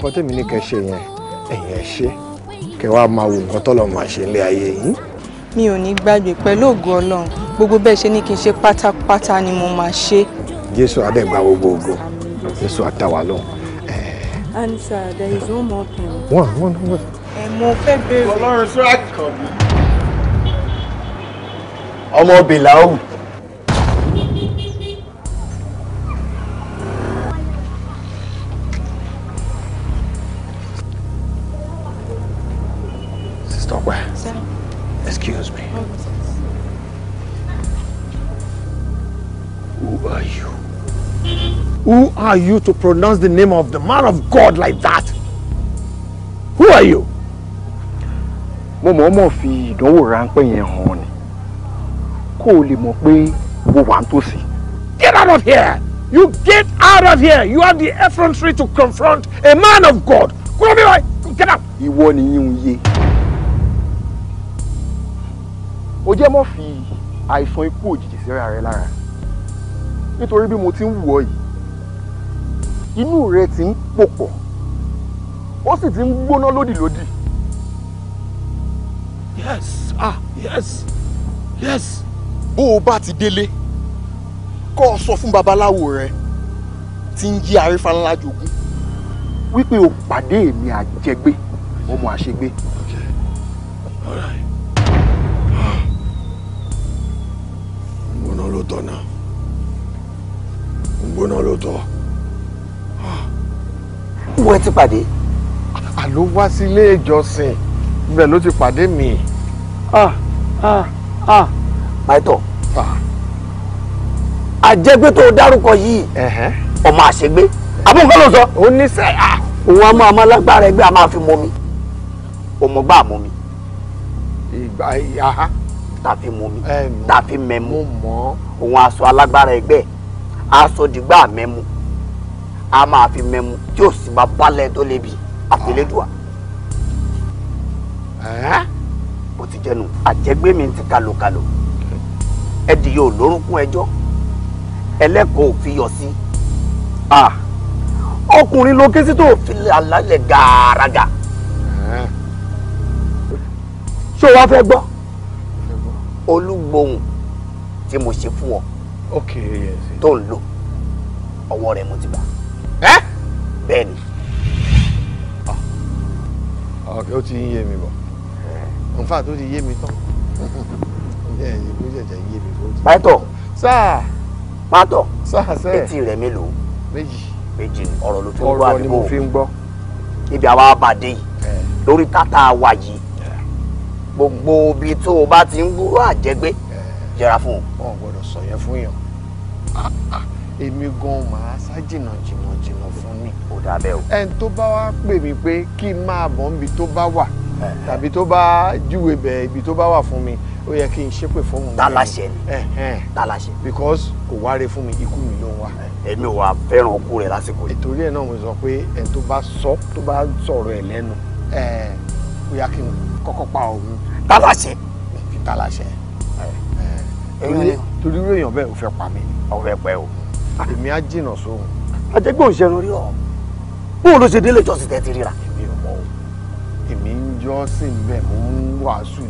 nǹkan tèmi ní kẹ́ ṣe yẹn ẹ̀yin ẹ ṣe kẹ́ wàá máa wo nǹkan tọ́lọ̀ máa ṣe ilé ayé yìí. mi ò ní gbàgbé pẹ̀lú ògo ọlọ́run gbogbo bẹ́ẹ̀ ṣe ní kí n ṣe pátápátá ni mo máa ṣe. jésù adẹ́gbà gbogbo ògo jésù àtàwà lọ́hùn. And sir, there is one more thing. One, one, one. Ẹ mo fẹ́ bèrè. Ọlọ́run sọ àkànbí. Ọmọ Bèlàó. are you to pronounce the name of the man of God like that? Who are you? Mo mọ̀ mọ̀ fi ìdánwò ráńpẹ́ yẹn hàn ni. Kó o lè mọ̀ pé mo wà Get out of here! You get out of here! You have the effrontery to confront a man of God. Kúrò bí wáyé, get out! Ìwọ ni yín ń yé. O jẹ́ mọ́ fi àìsàn ikú òjijì síra rẹ lára. Nítorí bí mo ti ń wù inú rẹ ti ń pòpọ̀ ó sì ti ń gbóná lódìlódì. yes ah yes yes. bó o bá ti délé kó o sọ fún babaláwo rẹ tí ń jí arífa ńlá jogún wípé o pàdé èmi àjẹgbé ọmọ àṣegbé. ń gbóná ló tọ́ náà ń gbóná ló tọ́ wọ́n ti pàdé. àló wá sí ilé ìjọsìn ibẹ̀ ló ti pàdé mi. ah ah ah. maitọ àjẹgbé tó dárúkọ yìí ọmọ àṣegbé àbúrò nǹkan ló sọ. ó ní sẹ́ òun a máa máa lágbára ẹgbẹ́ a máa fi mọ mi ọmọ bá mọ mi. ìgbà ìyá. tàfi mọ mi tàfi mẹ́mu òun aṣọ alágbára ẹgbẹ́ aṣọ dìgbà mẹ́mu a máa fi mẹ́mu tí ò sì máa bálẹ̀ tó lébi àfẹlẹ́dùà. bó ti jẹnu àjẹgbé mi ti kalokalo ẹdì yóò lórúkún ẹjọ́ ẹlẹ́kọ̀ọ́ ò fi yọ sí ọkùnrin ló ké sí tó fi àlálẹ̀ gàràgà ṣé o wá fẹ́ gbọ́ olúgbòhùn tí mo ṣe fún ọ tó ń lò ọwọ́ rẹ̀ mo ti bá ẹ. bẹ́ẹ̀ni. ọkẹ ah. ah, ó ti ń yé mi bọ nfa tó ti yé mi tán ẹ ẹ kó yé mi pátọ. pátọ. etí rẹ̀ mélòó. méjì. méjì ọ̀rọ̀ ló tún gbọ́ àdúgbò. ọ̀rọ̀ ni mo fi ń gbọ́. ibi àwa bàdé lórí tata wa yìí gbogbo ibi tó o bá ti ń gbúrò àjẹgbé jẹra fún o. wọn ò gbọdọ̀ sọ yẹn fún yàn. Ah, èmi gan màá sá jìnnà jìnnà jìnnà fún mi. ó dà bẹ́ẹ̀ o. ẹni tó bá wá pè mí pé kí n máa bọ̀ níbi tó bá wà tàbí tó bá júwe bẹ̀ ibi tó bá wà fún mi ó yẹ kí n ṣépè fún òun. tàlàṣẹ ni tàlàṣẹ. because kò wáre fún mi ikú mi ló ń wá. èmi ò fẹ́ràn ọkú rẹ̀ lásìkò yìí. ìtorí ẹ̀ náà mo sọ pé ẹ̀ tó bá sọ tó bá sọ̀rọ̀ ẹ̀ lẹ́nu ó yẹ kí n kọ́kọ́ pa òun. tàlàṣẹ. tàlàṣẹ. torí èèyàn bẹ́ẹ̀ ò fẹ́ pa mí. ọ̀fẹ́ pẹ́ o èmi á jìnnà sóhun. àjẹgbẹ́ òun ṣẹ̀rùn rí ọ bóun ló ṣe délé ìjọsìn tẹ́ ti ríra. èmi ò mọ o èmi ń jọ́sìn bẹ́ẹ̀ mo ń wàásù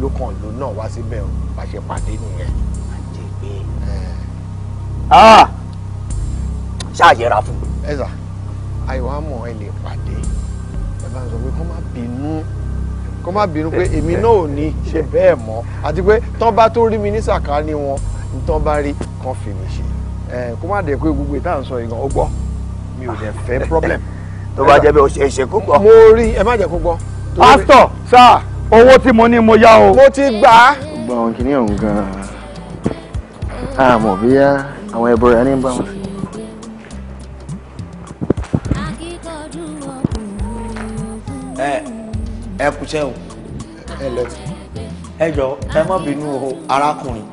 lókàn ló náà wá síbẹ̀ o pàṣẹ pàdé nìyẹn. àjẹgbẹ́ ṣáàyẹra fún. ẹ sà àyẹ̀wò àmọ̀ ẹ lè pàdé ẹ bá ń sọ pé kó má bínú kó má bínú pé èmi náà ò ní ṣe bẹ́ẹ̀ mọ́ àti pé tán bá tó rí mi ní sàkáání wọn ní tán bá rí kán fi mi ṣe kó má dẹ̀ pé gbogbo ìta ń sọ ìgàn ó gbọ́ mi ò dẹ̀ fẹ́ problem. (laughs) tó bá jẹ́ bẹ́ẹ̀ ẹ̀ṣẹ̀ kó gbọ́. mo rí ẹ má jẹ́ kó gbọ́. pásítọ̀ sá owó tí mo ní mo yá o. mo ti gbà á. gbọ́ àwọn kìnìún ọ̀hún gan-an àmọ́ bíyá àwọn ẹ̀bùrọ̀ yẹn ní bá wọn ẹ ẹ kúṣẹ́ o ẹ jọ ẹ má bínú o arákùnrin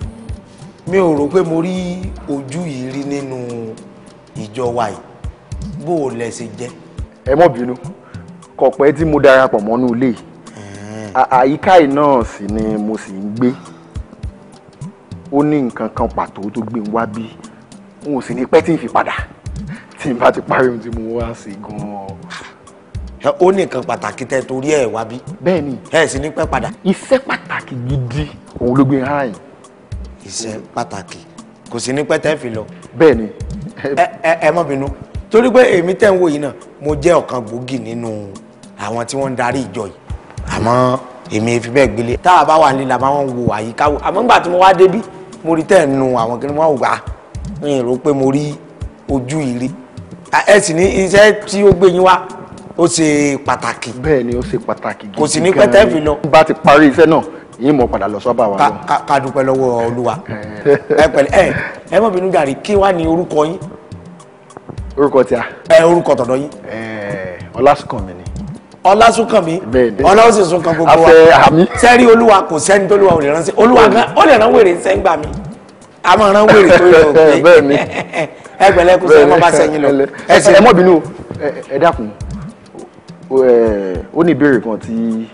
mi ò rò pé mo rí ojú yìí rí nínú ìjọ yìí bó o lẹ ṣe jẹ́. ẹ mọ̀ bínú kò pẹ́ tí mo darapọ̀ mọ́nú ilé yìí àyíká yìí náà sì ni mo sì ń gbé ó ní nǹkan kan pàtó tó gbé ń wá bí n ò sì ní pẹ́ tí n fi padà tí n bá ti parí ohun tí mo wá sí gan-an. ó ní nǹkan pàtàkì tẹ torí ẹ wá bí. bẹ́ẹ̀ ẹ sì ní pẹ́ padà. iṣẹ́ pàtàkì gidi òun ló gbé ń háyìn iṣẹ́ pàtàkì kò sí ní pẹ́tẹ́ fi lọ. bẹ́ẹ̀ni. ẹ ẹ má bínú torí pé èmi tẹ̀ ń wò yìí náà mo jẹ́ ọ̀kan gbòógì nínú àwọn tí wọ́n ń darí ìjọ yìí àmọ́ èmi fi bẹ́ẹ̀ gbélé tá a bá wà nílẹ̀ àmọ́ wọn wo àyíká wo àmọ́ nígbà tí mo wá débí mo rí tẹ̀ ń nu àwọn kí ni wọ́n wà ń rò pé mo rí ojú ìrí ẹ sì ní iṣẹ́ tí ó gbé yín wá ó ṣe pàtàkì. bẹ́ẹ̀ ni ó ṣe pàtàkì. kò sì ní pẹ́tẹ́ fi lọ. bá ti parí iṣẹ́ náà yìí mọ̀ padà lọ sọ́ba wa. ká dúpẹ́ lọ́wọ́ olúwa (laughs) ẹ pẹ̀lẹ́ ẹ ẹ mọ̀ bínú gàrí kí wàá ní orúkọ yín. orúkọ tí a. ẹ orúkọ tọ̀dọ̀ yín. ọlásùnkànmí ni. ọlásùnkànmí ọlá ó sì sún kan gbogbo wa sẹ́rí olúwa kò sẹ́ni tó lúwa ò lè ránṣẹ́ olúwa gan ó lè rán wèrè sẹ́ngbà mi a máa rán wèrè tó yọ òkè (laughs) (laughs) ẹ pẹ̀lẹ́ kó sẹ́ni mo bá sẹ́yìn lọ. ẹ mọ̀ bínú ẹ dákun ó ní ìbéèrè kan tí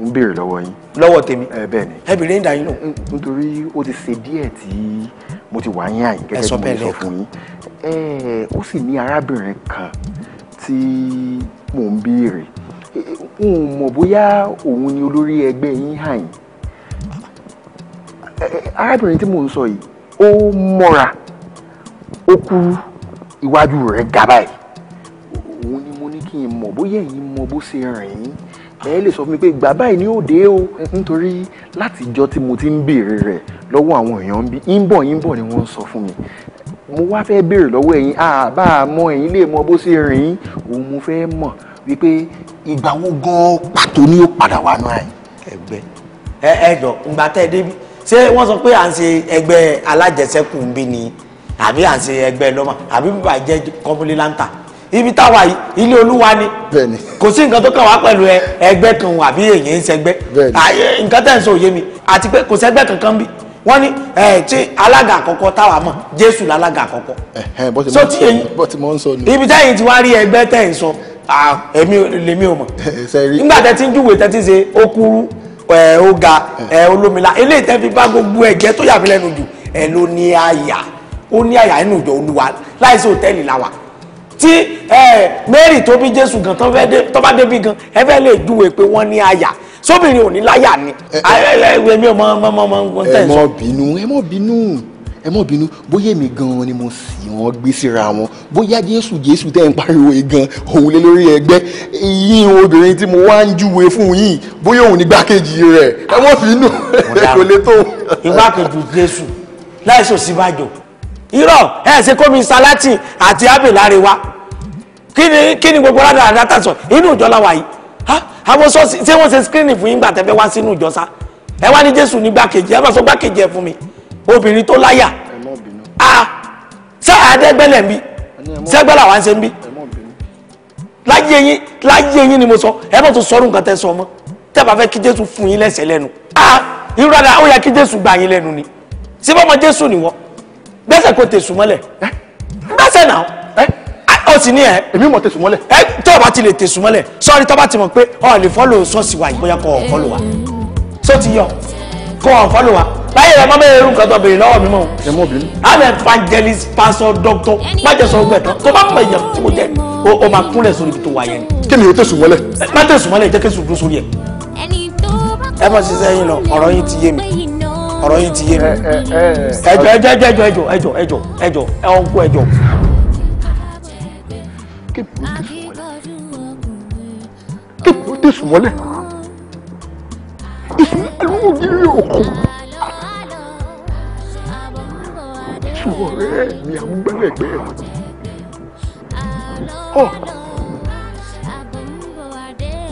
ń béèrè lọ́wọ́ yín. lọ́wọ́ tèmi. ẹ bẹ́ẹ̀ ni. ẹ bèrè ń dà yín lò. nítorí ó ti ṣe díẹ̀ tí mo ti wà yín àyìn gẹ́gẹ́ bí mo sọ fún yín ó sì ní arábìnrin kan tí mò ń béèrè n ò mọ̀ bóyá òun ni olórí ẹgbẹ́ yín àyìn arábìnrin tí mò ń sọ yìí ó mọ́ra ó kú iwájú rẹ̀ gàbáyìí kí n mọ̀ bóyá ẹ̀yin mọ bó ṣe rìn yín ẹ lè sọ fún mi pé ìgbà báyìí ni ó dé o nítorí látijọ́ tí mo ti ń béèrè rẹ̀ lọ́wọ́ àwọn èèyàn ń bí ń bọ̀ ń bọ̀ ni wọ́n ń sọ fún mi mo wá fẹ́ béèrè lọ́wọ́ ẹ̀yin àbá àmọ́ ẹ̀yin lè mọ bó ṣe rìn yín òun mo fẹ́ mọ̀ wípé ìgbà wo gan pàtó ni ó padà wà náà ẹgbẹ́ ẹ ẹ jọ ìgbà tẹ́ ẹ débi ṣé wọ́n sọ pé à ń ṣe ẹgbẹ́ alájẹsẹ́kù ń bí ni àbí à ń ṣe ẹgbẹ́ lọ́mọ àbí bàbá jẹ́ kọ́múlé ibi táwa yìí ilé olúwa ni kò sí nǹkan tó kàn wá pẹ̀lú ẹgbẹ́ kan àbí èyàn ń sẹgbẹ́ nǹkan tẹ̀ ń sọ òye mi àti pé kò sẹgbẹ́ kankan bí wọ́n ní tí alága àkọ́kọ́ táwa mọ̀ jésù lálága àkọ́kọ́ so tí èyí ibi táyìn ti wá rí ẹgbẹ́ tẹ̀ ń sọ èmi lèmi ò mọ̀ (laughs) nígbà tẹ́ ti ń júwèé tẹ́ ti ṣe okuru ọ̀gá olómìnira eléyìí tẹ́ fi bá gbogbo ẹ̀jẹ̀ tó yà mí lẹ́nu jù ẹ̀ ló ní àyà ó ní àyà nínú ìjọ olúwa láìsí òtẹ́ẹ̀lì làwà tí eh, Mary tó bí Jésù gan tó bá débi gan ẹ fẹ́ lè júwe pé wọ́n ní àyà sóbìnrin ò ní láyà ni èmi ò mọ mọ mọ mọ tẹ̀ sọ. ẹ mọ bínú ẹ mọ bínú ẹ mọ bínú bóyá èmi gan ni mo sì wọn gbé síra wọn bóyá Jésù Jésù tẹ́ ń pariwo gan òun lé lórí ẹgbẹ́ yín obìnrin tí mo wá ń júwe fún yín bóyá òun ní gbákejì rẹ̀ ẹ mọ bínú (laughs) kò lè tó. ìgbákejì Jésù láìsòsínbàjò irọ́ ẹ̀ ṣe kómi salati àti abe láre wa kí ni kí ni gbogbo rádà rádà sọ inú ìjọ la wà yìí ha àwọn sọ́ọ̀sì ṣé wọ́n ṣe skírínì fún yín gbà tẹ́fẹ́ wá sínú ìjọ sá ẹ wá ní jésù ní gbàkejì ẹ bá sọ gbàkejì ẹ fún mi obìnrin tó láyà a ṣé àdẹ́gbẹ́lẹ̀ ń bí ṣẹ́gbẹ́lẹ̀ wá ń ṣe ń bí láyé yín láyé yín ni mo sọ ẹ bá tún sọrú nǹkan tẹ́ sọ mọ́ tẹ́ bá fẹ́ kí jésù fún yín lẹ́sẹ̀ lẹ́nu a irú rádà ó yẹ kí jésù gbà yín lẹ́nu ni síbọ̀ mọ jésù nìwọ́ gbẹ́sẹ̀ kò tẹ̀sùn mọ́lẹ̀ gbẹ́sẹ̀ náà ó ti ní ẹ. èmi mọ̀ tẹ̀sùn mọ́lẹ̀. ẹ tó o bá ti lè tẹ̀sùn mọ́lẹ̀ sọ́ọ́rí tó bá ti mọ̀ pé ọ lè fọ́lò sọ́ọ̀sì wa ìbóyá kọ́ ọ fọ́lò wa só ti yọ kọ́ ọ fọ́lò wa láyé rẹ mọ́mọ́ ẹrú nǹkan tó béèrè lọ́wọ́ mi mọ́ ẹ mọ obìnrin. àmì evangelist pastor doctor májèsọ ọgbẹ tán tó bá mọ ìyà tí mo jẹ o máa kúnlẹ̀ sórí ibi tó wà yẹn. kí ni o tẹ̀sùn mọ́lẹ̀. má tẹ̀sùn mọ́lẹ̀ jẹ́ kí n sùn dúró sórí ẹ̀. ẹ mọ̀ sísẹ́ yín lọ ọ̀rọ̀ yín ti yé mi ọ̀rọ̀ yìí ti yé mi. ẹjọ eh, eh, eh, ẹjọ ẹjọ ẹjọ ẹjọ ẹjọ ẹjọ ẹwọn kú ẹjọ. kéèpù ó tẹ̀sùn mọ́lẹ̀ èsì ẹlòmọ̀ nílé òkun. sùwọ̀n rẹ̀ ni àmúgbálẹ́gbẹ́ ọ̀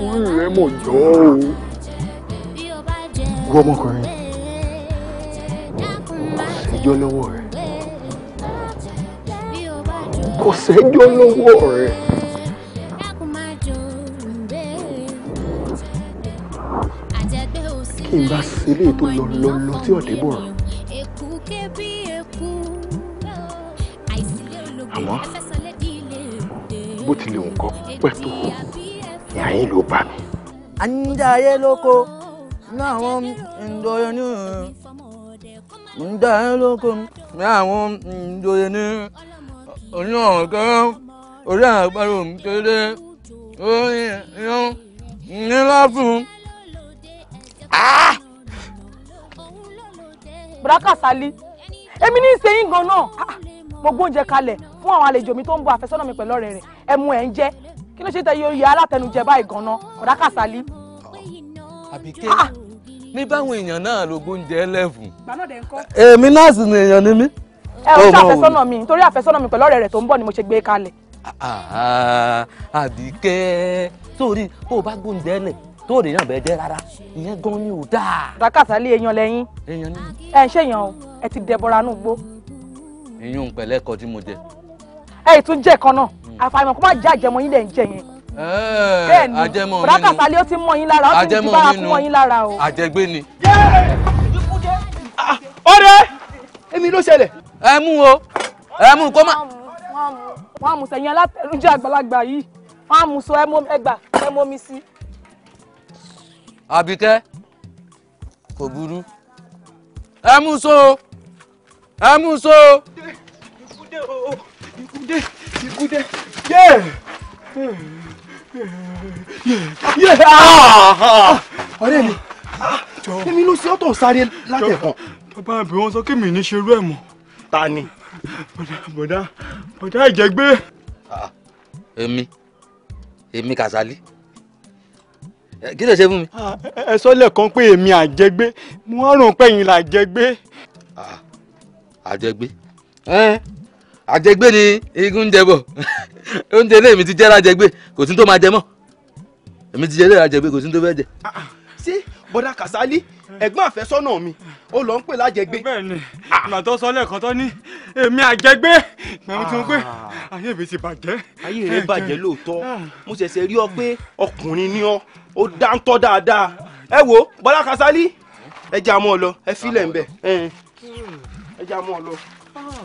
orí rẹ̀ mọ̀ jọ́ o. wọ́n ọmọkùnrin sẹ́jọ́ lọ́wọ́ rẹ̀ kò sẹ́jọ́ lọ́wọ́ rẹ̀. kí n bá sílé tó lọ lọ lọ tí ọ̀dẹ́ bọ̀ rọ̀. àmọ́ bó tilẹ̀ nǹkan pẹ́ tó yàyín ló bá mi. àníjàre lóko náà wọ́n ń dọ̀yọ̀ ní òun ń dá ẹ lóko ní àwọn ìjòyè ní oní ọ̀hún kan orí àgbàdo kéde orí yan nílá fún. Ah! bùrákà sálí èmi ní í ṣe yín gan náà ah! mo gbóúnjẹ kalẹ̀ fún àwọn àlejò mi tó ń bọ̀ àfẹ́sọ́nà mi pẹ̀lú ọ̀rẹ́ rẹ̀ ẹmu ẹ̀ ń jẹ́ kí ló ṣe tẹ yóò yẹ alátẹnujẹ báyìí gan náà bùrákà sálí. Ah! àbíké ní báwọn èèyàn náà lógún jẹ́ lẹ́fù. èmi nọ́ọ̀sì ni èèyàn ni mí. ẹ ò ṣe àfẹ́sọ́nà mi nítorí àfẹ́sọ́nà mi pẹ̀lú ọ̀rẹ́ rẹ̀ tó ń bọ̀ ni mo ṣe gbé kalẹ̀. Ah, ah, àbíkẹ́ sórí tó o bá gbóúnjẹ lẹ̀ tó o lè yàn bẹ́ẹ̀ jẹ́ rárá ìyẹn gan ni ò dáa. dàkàtà lé èèyàn lẹ́yìn ẹ ń ṣèyàn o ẹ ti dẹbọra nù gbó. iyún pẹ̀lẹ́ tí mo jẹ. ẹ ìtún jẹ́ kan náà hmm. àfàìmọ̀ kó má jẹ́ àjẹmọ́ yín lẹ́ ń jẹ yẹn Eh, bẹ́ẹ̀ni bùrákàtà lé ó ti mọ yín lára ó ti ní ti bára fún mọ yín lára o. àjẹgbé ni. Ah, ọ̀rẹ́ èmi ló ṣẹlẹ̀. ẹ mú o ẹ mú kó má. wọ́n á mú sẹ́yìn alátẹnujẹ àgbàlagbà yìí wọ́n á mú sọ ẹ mọ ẹgbà ẹ mọ mi sí. àbíkẹ́ kò burú ẹ mú so ẹ mú so. ikú dé ikú dé ikú dé ọ̀rẹ́ mi èmi ló ṣe ọ́tọ̀ sáré látẹ̀kàn. bàbá àbí wọn sọ kí mi ní ṣe irú ẹ̀ mọ́. ta ni. bọ̀dá bọ̀dá bọ̀dá ìjẹ́gbé. èmi èmi Kàsálí kí ló ṣe fún mi. ẹ sọ lẹ́ẹ̀kan pé èmi àjẹgbé mo á rò pé ẹ̀yin là jẹgbé. àjẹgbé àjẹgbé ni igun ń jẹ bọ̀ (laughs) oúnjẹ ilé mi ti jẹ́ lájẹgbé kò tún tó máa jẹ mọ́ èmi ti jẹ́ ilé lájẹgbé kò tún tó fẹ́ jẹ. ṣé bọ́dà Kàsálí ẹ̀gbọ́n àfẹ́sọ́nà mi ó lọ ń pè lájẹgbé. bẹ́ẹ̀ni ìgbà tó sọ lẹ́ẹ̀kan tó ní èmi àjẹgbé mẹrin tó ń ayé mi ti bàjẹ́. ayé rẹ bàjẹ́ lóòótọ́ ah. mo ṣẹ̀ṣẹ̀ rí ọ pé ọkùnrin ni ọ ó dáńtọ́ dáadáa ẹ wo bọ́dà Kàsálí ẹ jà mọ́ ọ lọ ẹ fílẹ̀ ń ẹ jà mọ́ ọ lọ. Ah.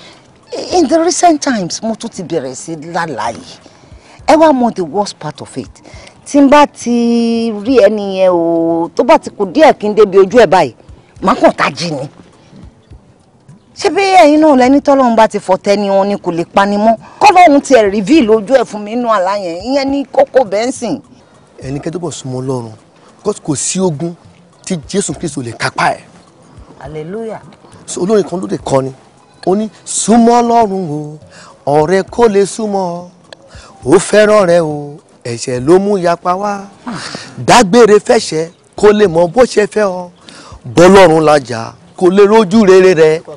in the recent times mo tún ti bẹ̀rẹ̀ sí lálàá ẹ wá mọ the worst part of it tí n bá ti rí ẹni yẹn o tó bá ti kù díẹ̀ kí n débi ojú ẹ̀ báyìí màá kàn tají ni ṣé bí ẹ̀yin náà lẹni tọ́lọ́run bá ti fọ̀tẹ́ ni wọn ni kò lè pani mọ́ kọ́lọ́run tiẹ̀ reveal ojú ẹ̀ fún mi nínú àlá yẹn ìyẹn ní kókó bẹ́ńsìn. ẹni kẹ́tọ́bọ̀ súnmọ́ ọlọ́run kò sí ogun tí jésù kristu lè kápá ẹ̀. hallelujah. olórin kan ló lè kọ́ ni ó ní súnmọ́ Ọlọ́run o ọ̀rẹ́ kó lè súnmọ́ ó fẹ́ràn rẹ o ẹ̀ṣẹ̀ ló mú yapa wá dágbére fẹ̀ṣẹ̀ kó lè mọ bó ṣe fẹ́ ọ bọ́lọ́run lajà kó lè rójú rere rẹ. ó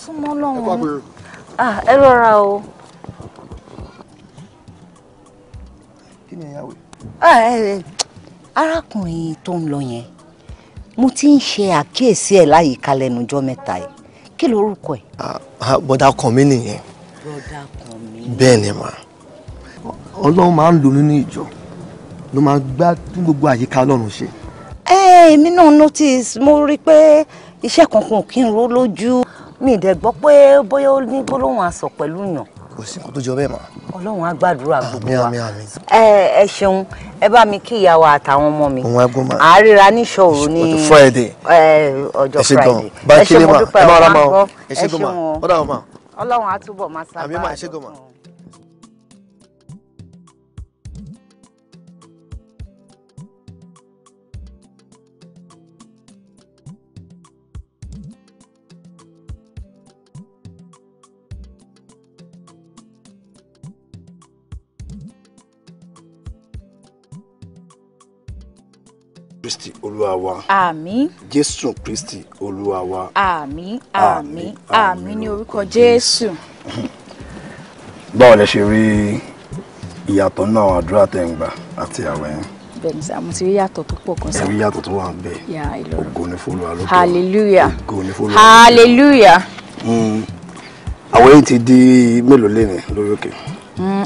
súnmọ́ Ọlọ́run ẹ rọra o. arákùnrin tó ń lọ yẹn mo ti ń ṣe àkíyèsí ẹ̀ láyìíká lẹ́nujọ́ mẹ́ta yìí kí lorúkọ ẹ. Ah, ah, bọ́dà kan mi nìyẹn. bọ́dà kan mi. bẹ́ẹ̀ ni mà ọlọ́run máa ń lò nínú ìjọ ló máa gbá tún gbogbo àyíká ọlọ́run ṣe. ẹ èmi náà notice mo rí i pé iṣẹ́ kankan kí n ró lójú mi ì dẹ̀ gbọ́ pé bóyá ó ní gbólóhùn asọ̀ pẹ̀lú yàn kò sí kó tó jọ bẹ́ẹ̀ mọ́. ọlọ́run á gbàdúrà gbogbo wa ẹ ẹ ṣeun ẹ bá mi kí ìyàwó àtàwọn ọmọ mi àárẹ̀ra níṣọ́ òru ní ọjọ́ friday ẹ ṣe mo dúpẹ́ ọ̀ma gbọ́ ẹ ṣeun ọlọ́run á túbọ̀ máa sábà àdókùn. olúwa wa. àmín. jésù kristi olúwa wa. àmín àmín àmín ní orúkọ jésù. (laughs) báwo lẹ ṣe rí ìyàtọ̀ nínú àwọn àdúrà tẹ̀ ń gbà àti àwẹ̀ yẹn. sá mo ti rí yàtọ̀ tó pọ̀ kan sá. ẹ̀rí yàtọ̀ tó wà ń bẹ̀. ògo ni f'Olúwa lókè. hallelujah ògo ni f'Olúwa lókè. hallelujah. Hmm. àwẹ̀ yìí ti di mélòó lẹ́nu lórí òkè.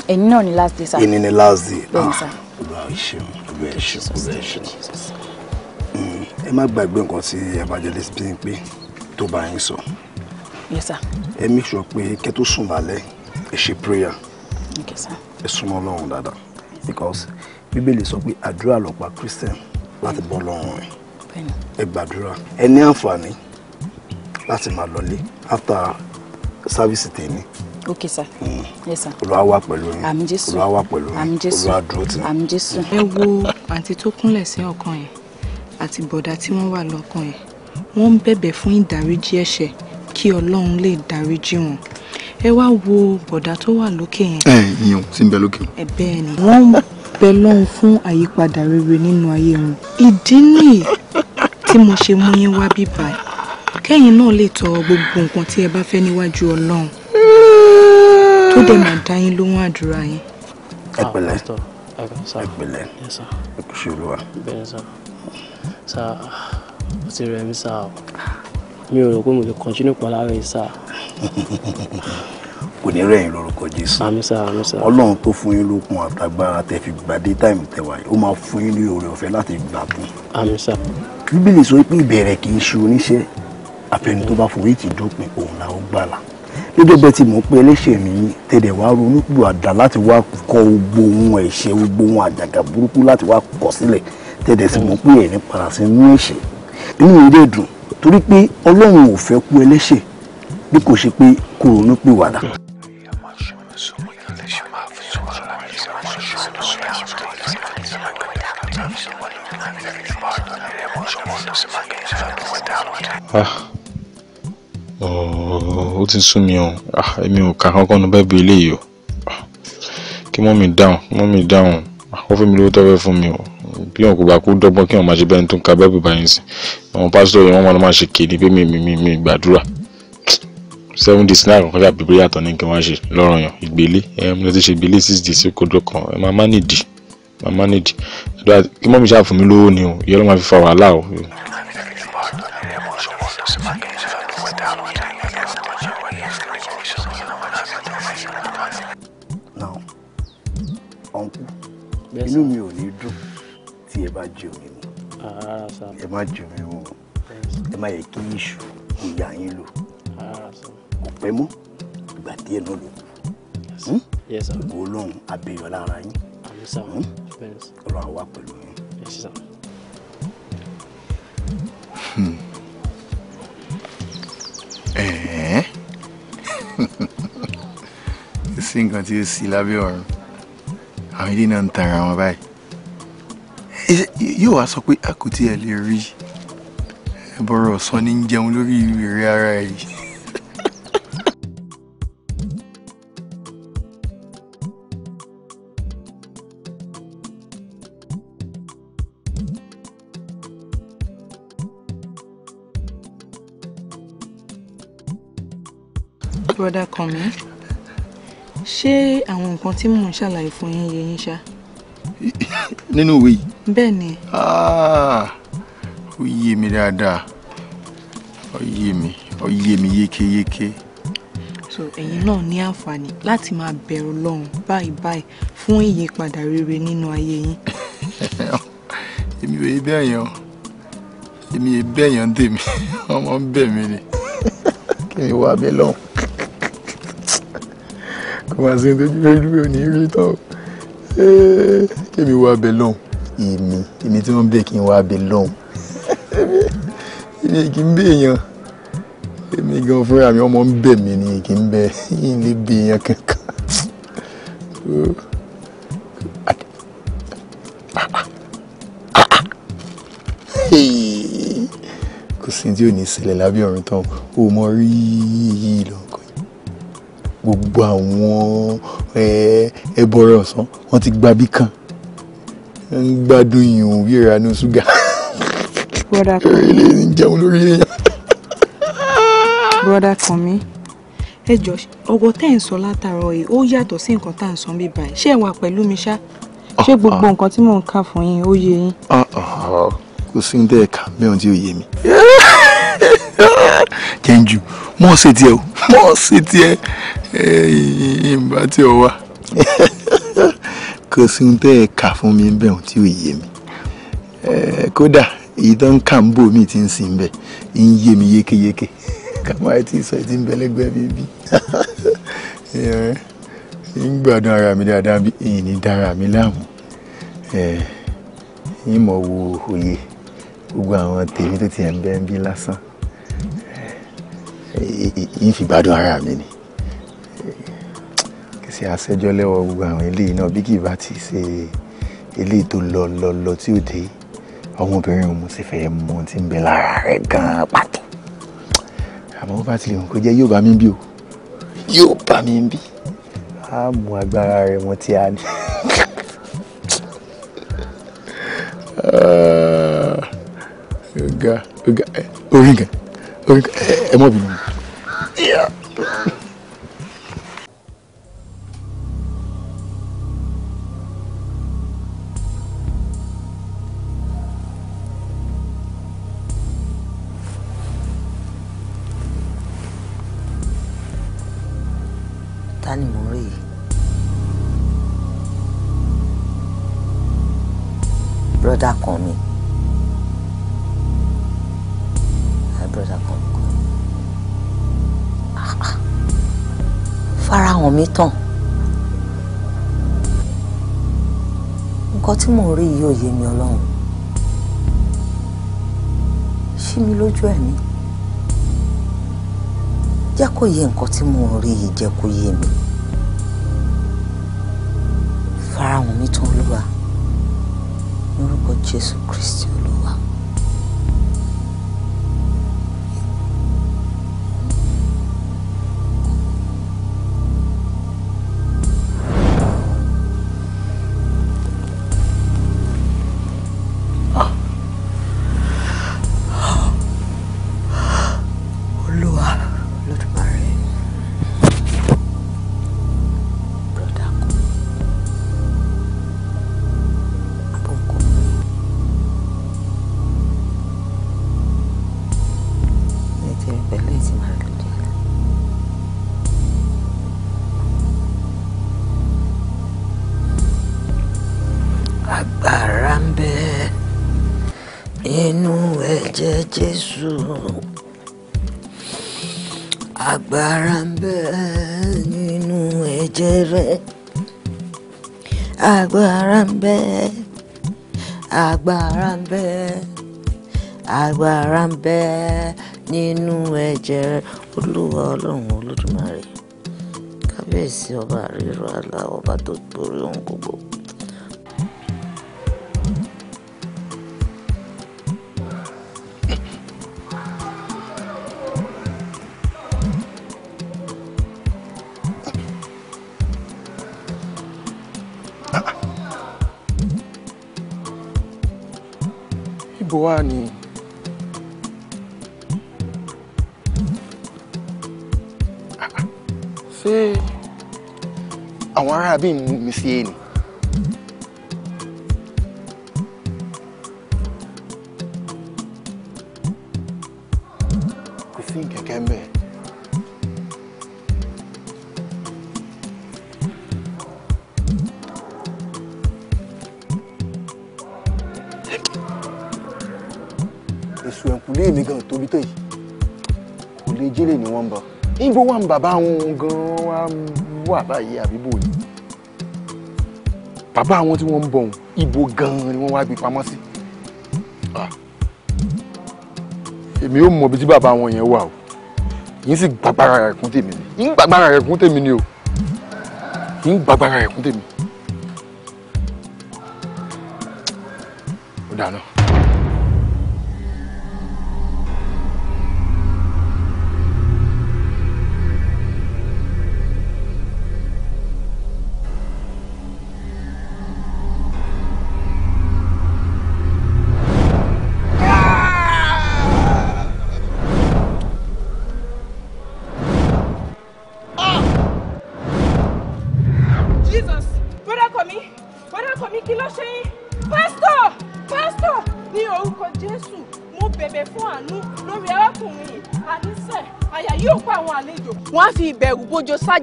èyí hmm, náà ni last day sá. èyí ni last day. bẹ́ẹ̀ni sá. Ah, olúwa ìṣeun olúwa ìṣeun olúwa ìṣeun ẹ má gbàgbé nǹkan tí evangelist bí ń pé tó bá yín sọ. yes sir. ẹ make sure pé kẹ́ tó sùn lálẹ́ ẹ ṣe prayer. okay sir. ẹ súnmọ́ Ọlọ́run dáadáa because bíbélì sọ pé àdúrà lọ̀pá christian láti bọ́ lọ́rùn rẹ̀ ẹ gbàdúrà ẹ ní àǹfààní láti máa lọlé after sáfíìsì tèmi. ok sir mm. yes olúwa wà pẹ̀lú yín àmín jésù olúwa wà pẹ̀lú yín àmín jésù olúwa dúró tì yín. jésù. ẹ wo àǹtí tó kúnlẹ̀ sí ọkàn yẹn àti bọ̀dá tí wọ́n wà lọ́kàn ẹ̀ wọ́n ń bẹ̀bẹ̀ fún ìdáríjì ẹ̀ṣẹ̀ kí ọlọ́run lè dáríjì wọn ẹ wá wo bọ̀dá tó wà lókè yẹn. ẹ ìyàn tí ń bẹ lókè. ẹ bẹ́ẹ̀ ni wọ́n ń bẹ lọ́hùn fún àyípadà rere nínú ayé wọn. ìdí nìyí tí mo ṣe mú yín wá bíbá kẹ́yìn náà lè tọrọ gbogbo nǹkan tí ẹ bá fẹ́ níwájú ọlọ́run tó dẹ̀ máa dá yín lóhùn àdúrà yín. Ah, ẹ pẹ̀lẹ́ ẹ pẹ̀lẹ́ ẹ kú olúwa sá ó ti rẹ̀ mí sá o mi ò rò pé mo lè continue pàlárẹ̀ yìí sá. kò ní rẹ̀yìn lórúkọ jésù àmín sá àmín sá ọlọ́run tó fún yín lókun àtàgbára tẹ fi gbàdé táìmù tẹwà yìí ó máa fún yín ní oore ọ̀fẹ́ láti gbà fún. àmín sá. bíbélì sọ pé ìbẹ̀rẹ̀ kì í ṣe oníṣẹ́ àfẹni tó bá forí ti dópin òun là ó gbàlà gẹ́gẹ́ bẹ́ẹ̀ tí mò ń pe ẹlẹ́ṣẹ̀ mi tẹ̀lẹ̀ wá ronúpìwàdà láti wá kọ gbogbo ohun ẹ̀ṣẹ̀ gbogbo ohun àjàgà burúkú láti wá kọ sílẹ̀ tẹ̀dẹ̀ sí mọ̀ pé ẹ̀ ní padà sí inú ẹ̀ṣẹ̀ inú mi dẹ̀ dùn torí pé ọlọ́run ò fẹ́ kú ẹlẹ́ṣẹ̀ bí kò ṣe pé kó ronú pìwàdà. Ah. Oh, ó ti sú mi o ah, èmi ò kà kankan nu bẹ́ẹ̀ bí eléyìí o ah. kí mọ́mì dáhùn mọ́mì dáhùn. Ah, ó fún mi lówó tọ́fẹ́ fún mi o bí wọn kò bá kú dọ́gbọ́n kí wọn máa ṣe bẹ́ẹ̀ tó ń ka bẹ́ẹ̀ báyìí sí àwọn pásítọ̀ yẹn wọ́n máa ṣe kéde pé mi mi mi gbàdúrà seven days náà kọ̀ọ̀kan ṣàbí bóyá àtọ̀ ní kí wọ́n ṣe lọ́rọ̀ yàn ìgbélé ẹ mo ti ṣe ìgbélé six days kó dọ́ kan ẹ máa manage máa manage kí mọ́mí ṣáà fún mi lówó ni o ìyẹn ló máa fi fa wàhálà o. inú mi ò ní dùn tí ẹ bá jí omi mu ah, ẹ má jí omi mu ẹ má yẹ kí iṣu kò yà yín lò ah, kò pẹ́ mọ́ ìgbà díẹ̀ náà ló kù hmm? ìgbò ọlọ́run abẹ́yọ lára yín hmm? ọlọ́run àwa pẹ̀lú yín. sí hmm. (laughs) nǹkan tí ó sí lábẹ́ ọ̀run àwọn ilé náà ń tan ara wọn báyìí yóò wá sọ pé àkótí ẹ lè rí ẹbọrọ ọsán ní jẹun lórí ìrírí ara yìí. brother Kọ́mi ṣé àwọn nǹkan tí mò ń ṣàlàyé fún yín yé yín ṣá. (coughs) nínú ìwé yìí. bẹ́ẹ̀ ni. Ah, ó yé mi dáadáa ó yé mi ó yé mi yékéyéké. so ẹ̀yin náà ní àǹfààní láti máa bẹ̀rù lọ́hùn báyìí báyìí fún ìyípadà rere nínú ayé yín. (laughs) èmi ò yé bẹ́ẹ̀ yẹn o èmi ò yé bẹ́ẹ̀ yẹn ń tèmi (laughs) ọmọ ń bẹ̀ mí ni (laughs) kí ni wàá bẹ́ẹ̀ lọ́hùn kò máa ṣe nítorí fẹ́ lúwẹ̀ òní rí tán kémi wá bẹ lọ́hùn èmi èmi tí wọ́n bẹ̀ kí n wá bẹ lọ́hùn èmi kì í bẹ èèyàn èmi gan fúnra mi ọmọ ń bẹ̀ mí ni kì í bẹ yín lè bẹ èèyàn kankan. kò sí tí ò ní ṣẹlẹ̀ lábẹ́ ọ̀run tán o mọ rí yìí lọ gbogbo àwọn ẹbọrẹ ọ̀sán wọ́n ti gba bí kan ń gbádùn ìhùn wíra ní ṣúgà. broda kan ilé ní jẹun lórí ilé. broda kan mi ẹ jọ ọgọ tẹ́ ń sọ látàárọ̀ yìí ó yàtọ̀ sí nǹkan tá à sọ bíbá ẹ ṣé ẹ wà pẹ̀lú mi ṣá ṣé ah, gbogbo ah. nǹkan tí mò ń kà fún yín ó yé yín. Ah, kò sí ní tẹ́ ẹ̀ kà mẹ́rin tí ó yé mi jẹ́njú (laughs) mọ́ ṣe tiẹ̀ mọ́ ṣe tiẹ̀ ìbá tí ó wà. kò sí ohun tẹ́ ẹ kà fún mi bẹ́ẹ̀ ohun tí ò yé mi kódà èyí tó ń kà ń bò mí ti ń sin bẹ́ẹ̀ ń yé mi yékéyéké kàmá ẹ ti sọ ẹ ti ń bẹ́lẹ́gbẹ́ mi bí ń gbádùn ara mi dáadáa bí èyí ní dára mi láàmú yín mọ̀ wo òye gbogbo àwọn tèmi tó ti ẹ̀ ń bẹ́ ń bí lásán yín fi gbádùn ara mi ni ṣe àṣẹjọ́ lẹ́wọ̀ gbogbo àwọn eléyìí náà bí kì í bá ti ṣe eléyìí tó lọ lọ lọ tí ò dé ọmọbìnrin òun sì fẹ́ mọ ohun tí ń bẹ lára rẹ̀ gan-an pàtó àmọ́ bá ti lè hàn kó jẹ́ yóò bá mi bí o yóò bá mi bí á mú agbára rẹ̀ wọn tí a ní. oga ah, oga orí gan orí gan ẹ mọ̀ bí mi. Yeah. brother kan mi brother kan mi ah, ah. farahàn mi tán nǹkan tí mò ń rí yìí ò yé mi ọlọ́run ṣí mi lójú ẹ̀ ni jẹ́ kó yé nǹkan tí mò rí yìí jẹ́ kó yé mi farahàn orúkọ Jésù Kristi Olúwa. bàbá wọn gan-an wá wà báyìí àbíbò yìí bàbá wọn tí wọ́n ń bọ̀ wọn ibo gan-an ni wọ́n wá gbé pamọ́ sí èmi ò mọ ibi tí bàbá wọn yẹn wà o yìí sì gbàgbára rẹ̀ kún tèmi ni yìí gbàgbára rẹ̀ kún tèmi ni o yìí gbàgbára rẹ̀ kún tèmi ó dáná.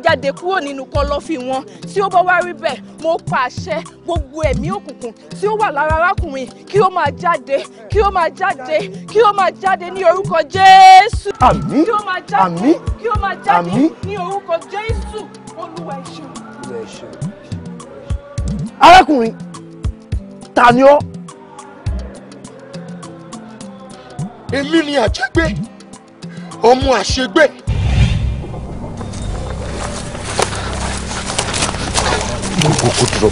jáde kúrò nínú kọ̀lọ̀fín wọn tí ó bá wá rí bẹ́ẹ̀ mo pàṣẹ gbogbo ẹ̀mí òkùnkùn tí ó wà lára arákùnrin kí ó máa jáde kí ó máa jáde kí ó máa jáde ní orúkọ Jésù. àmín àmín kí ó máa jáde ní orúkọ Jésù Olúwa ẹ arákùnrin ta ni ọ́. èmi ni àjẹgbé ọmọ àṣegbé. kúkú dúró.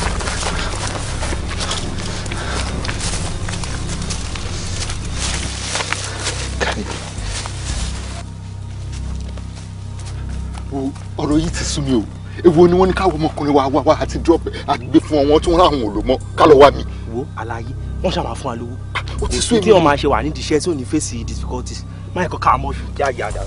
ọ̀rọ̀ yìí ti sú mi o èwo ni wọ́n ní drop àgbè fún ọ wọn tí wọ́n láwọn ò lò mọ́ ká lọ wá mi. wo àlàyé wọn ṣàwọn afún wa lówó kò sí tí wọn máa difficulties máa kọ káàmọ ṣù jáde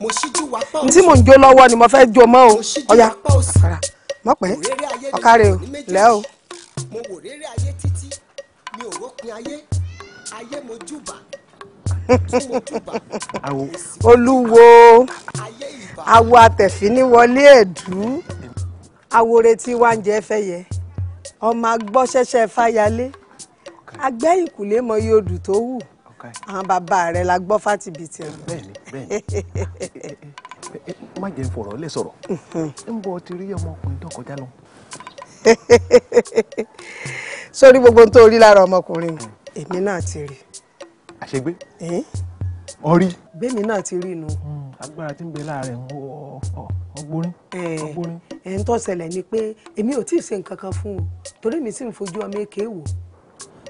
ní tí mò ń jó lọ́wọ́ ni mo fẹ́ jó mọ́ o ọ̀yà àkàrà mọ̀ pé ọ̀kàrẹ̀ o lẹ́ o. olúwo awo àtẹ̀fíní wọlé ẹ̀dú awore tí wá ń jẹ fẹ́yẹ ọmọ agbọ́ṣẹ́ṣẹ́ fáyalé agbẹ́yìnkùlé mọ iye odù tó wù. àwọn bàbá rẹ la gbọ́ fátìbìtì má jẹ́ fọ̀rọ̀ lè sọ̀rọ̀ ń ti rí ọmọkùnrin tó kọjá lọ. (laughs) rí lára ọmọkùnrin hm. èmi ti rí. àṣegbé ọrí. bẹ́ẹ̀ni náà ti rí inú. Hm, agbára ti ń bẹ láàárẹ̀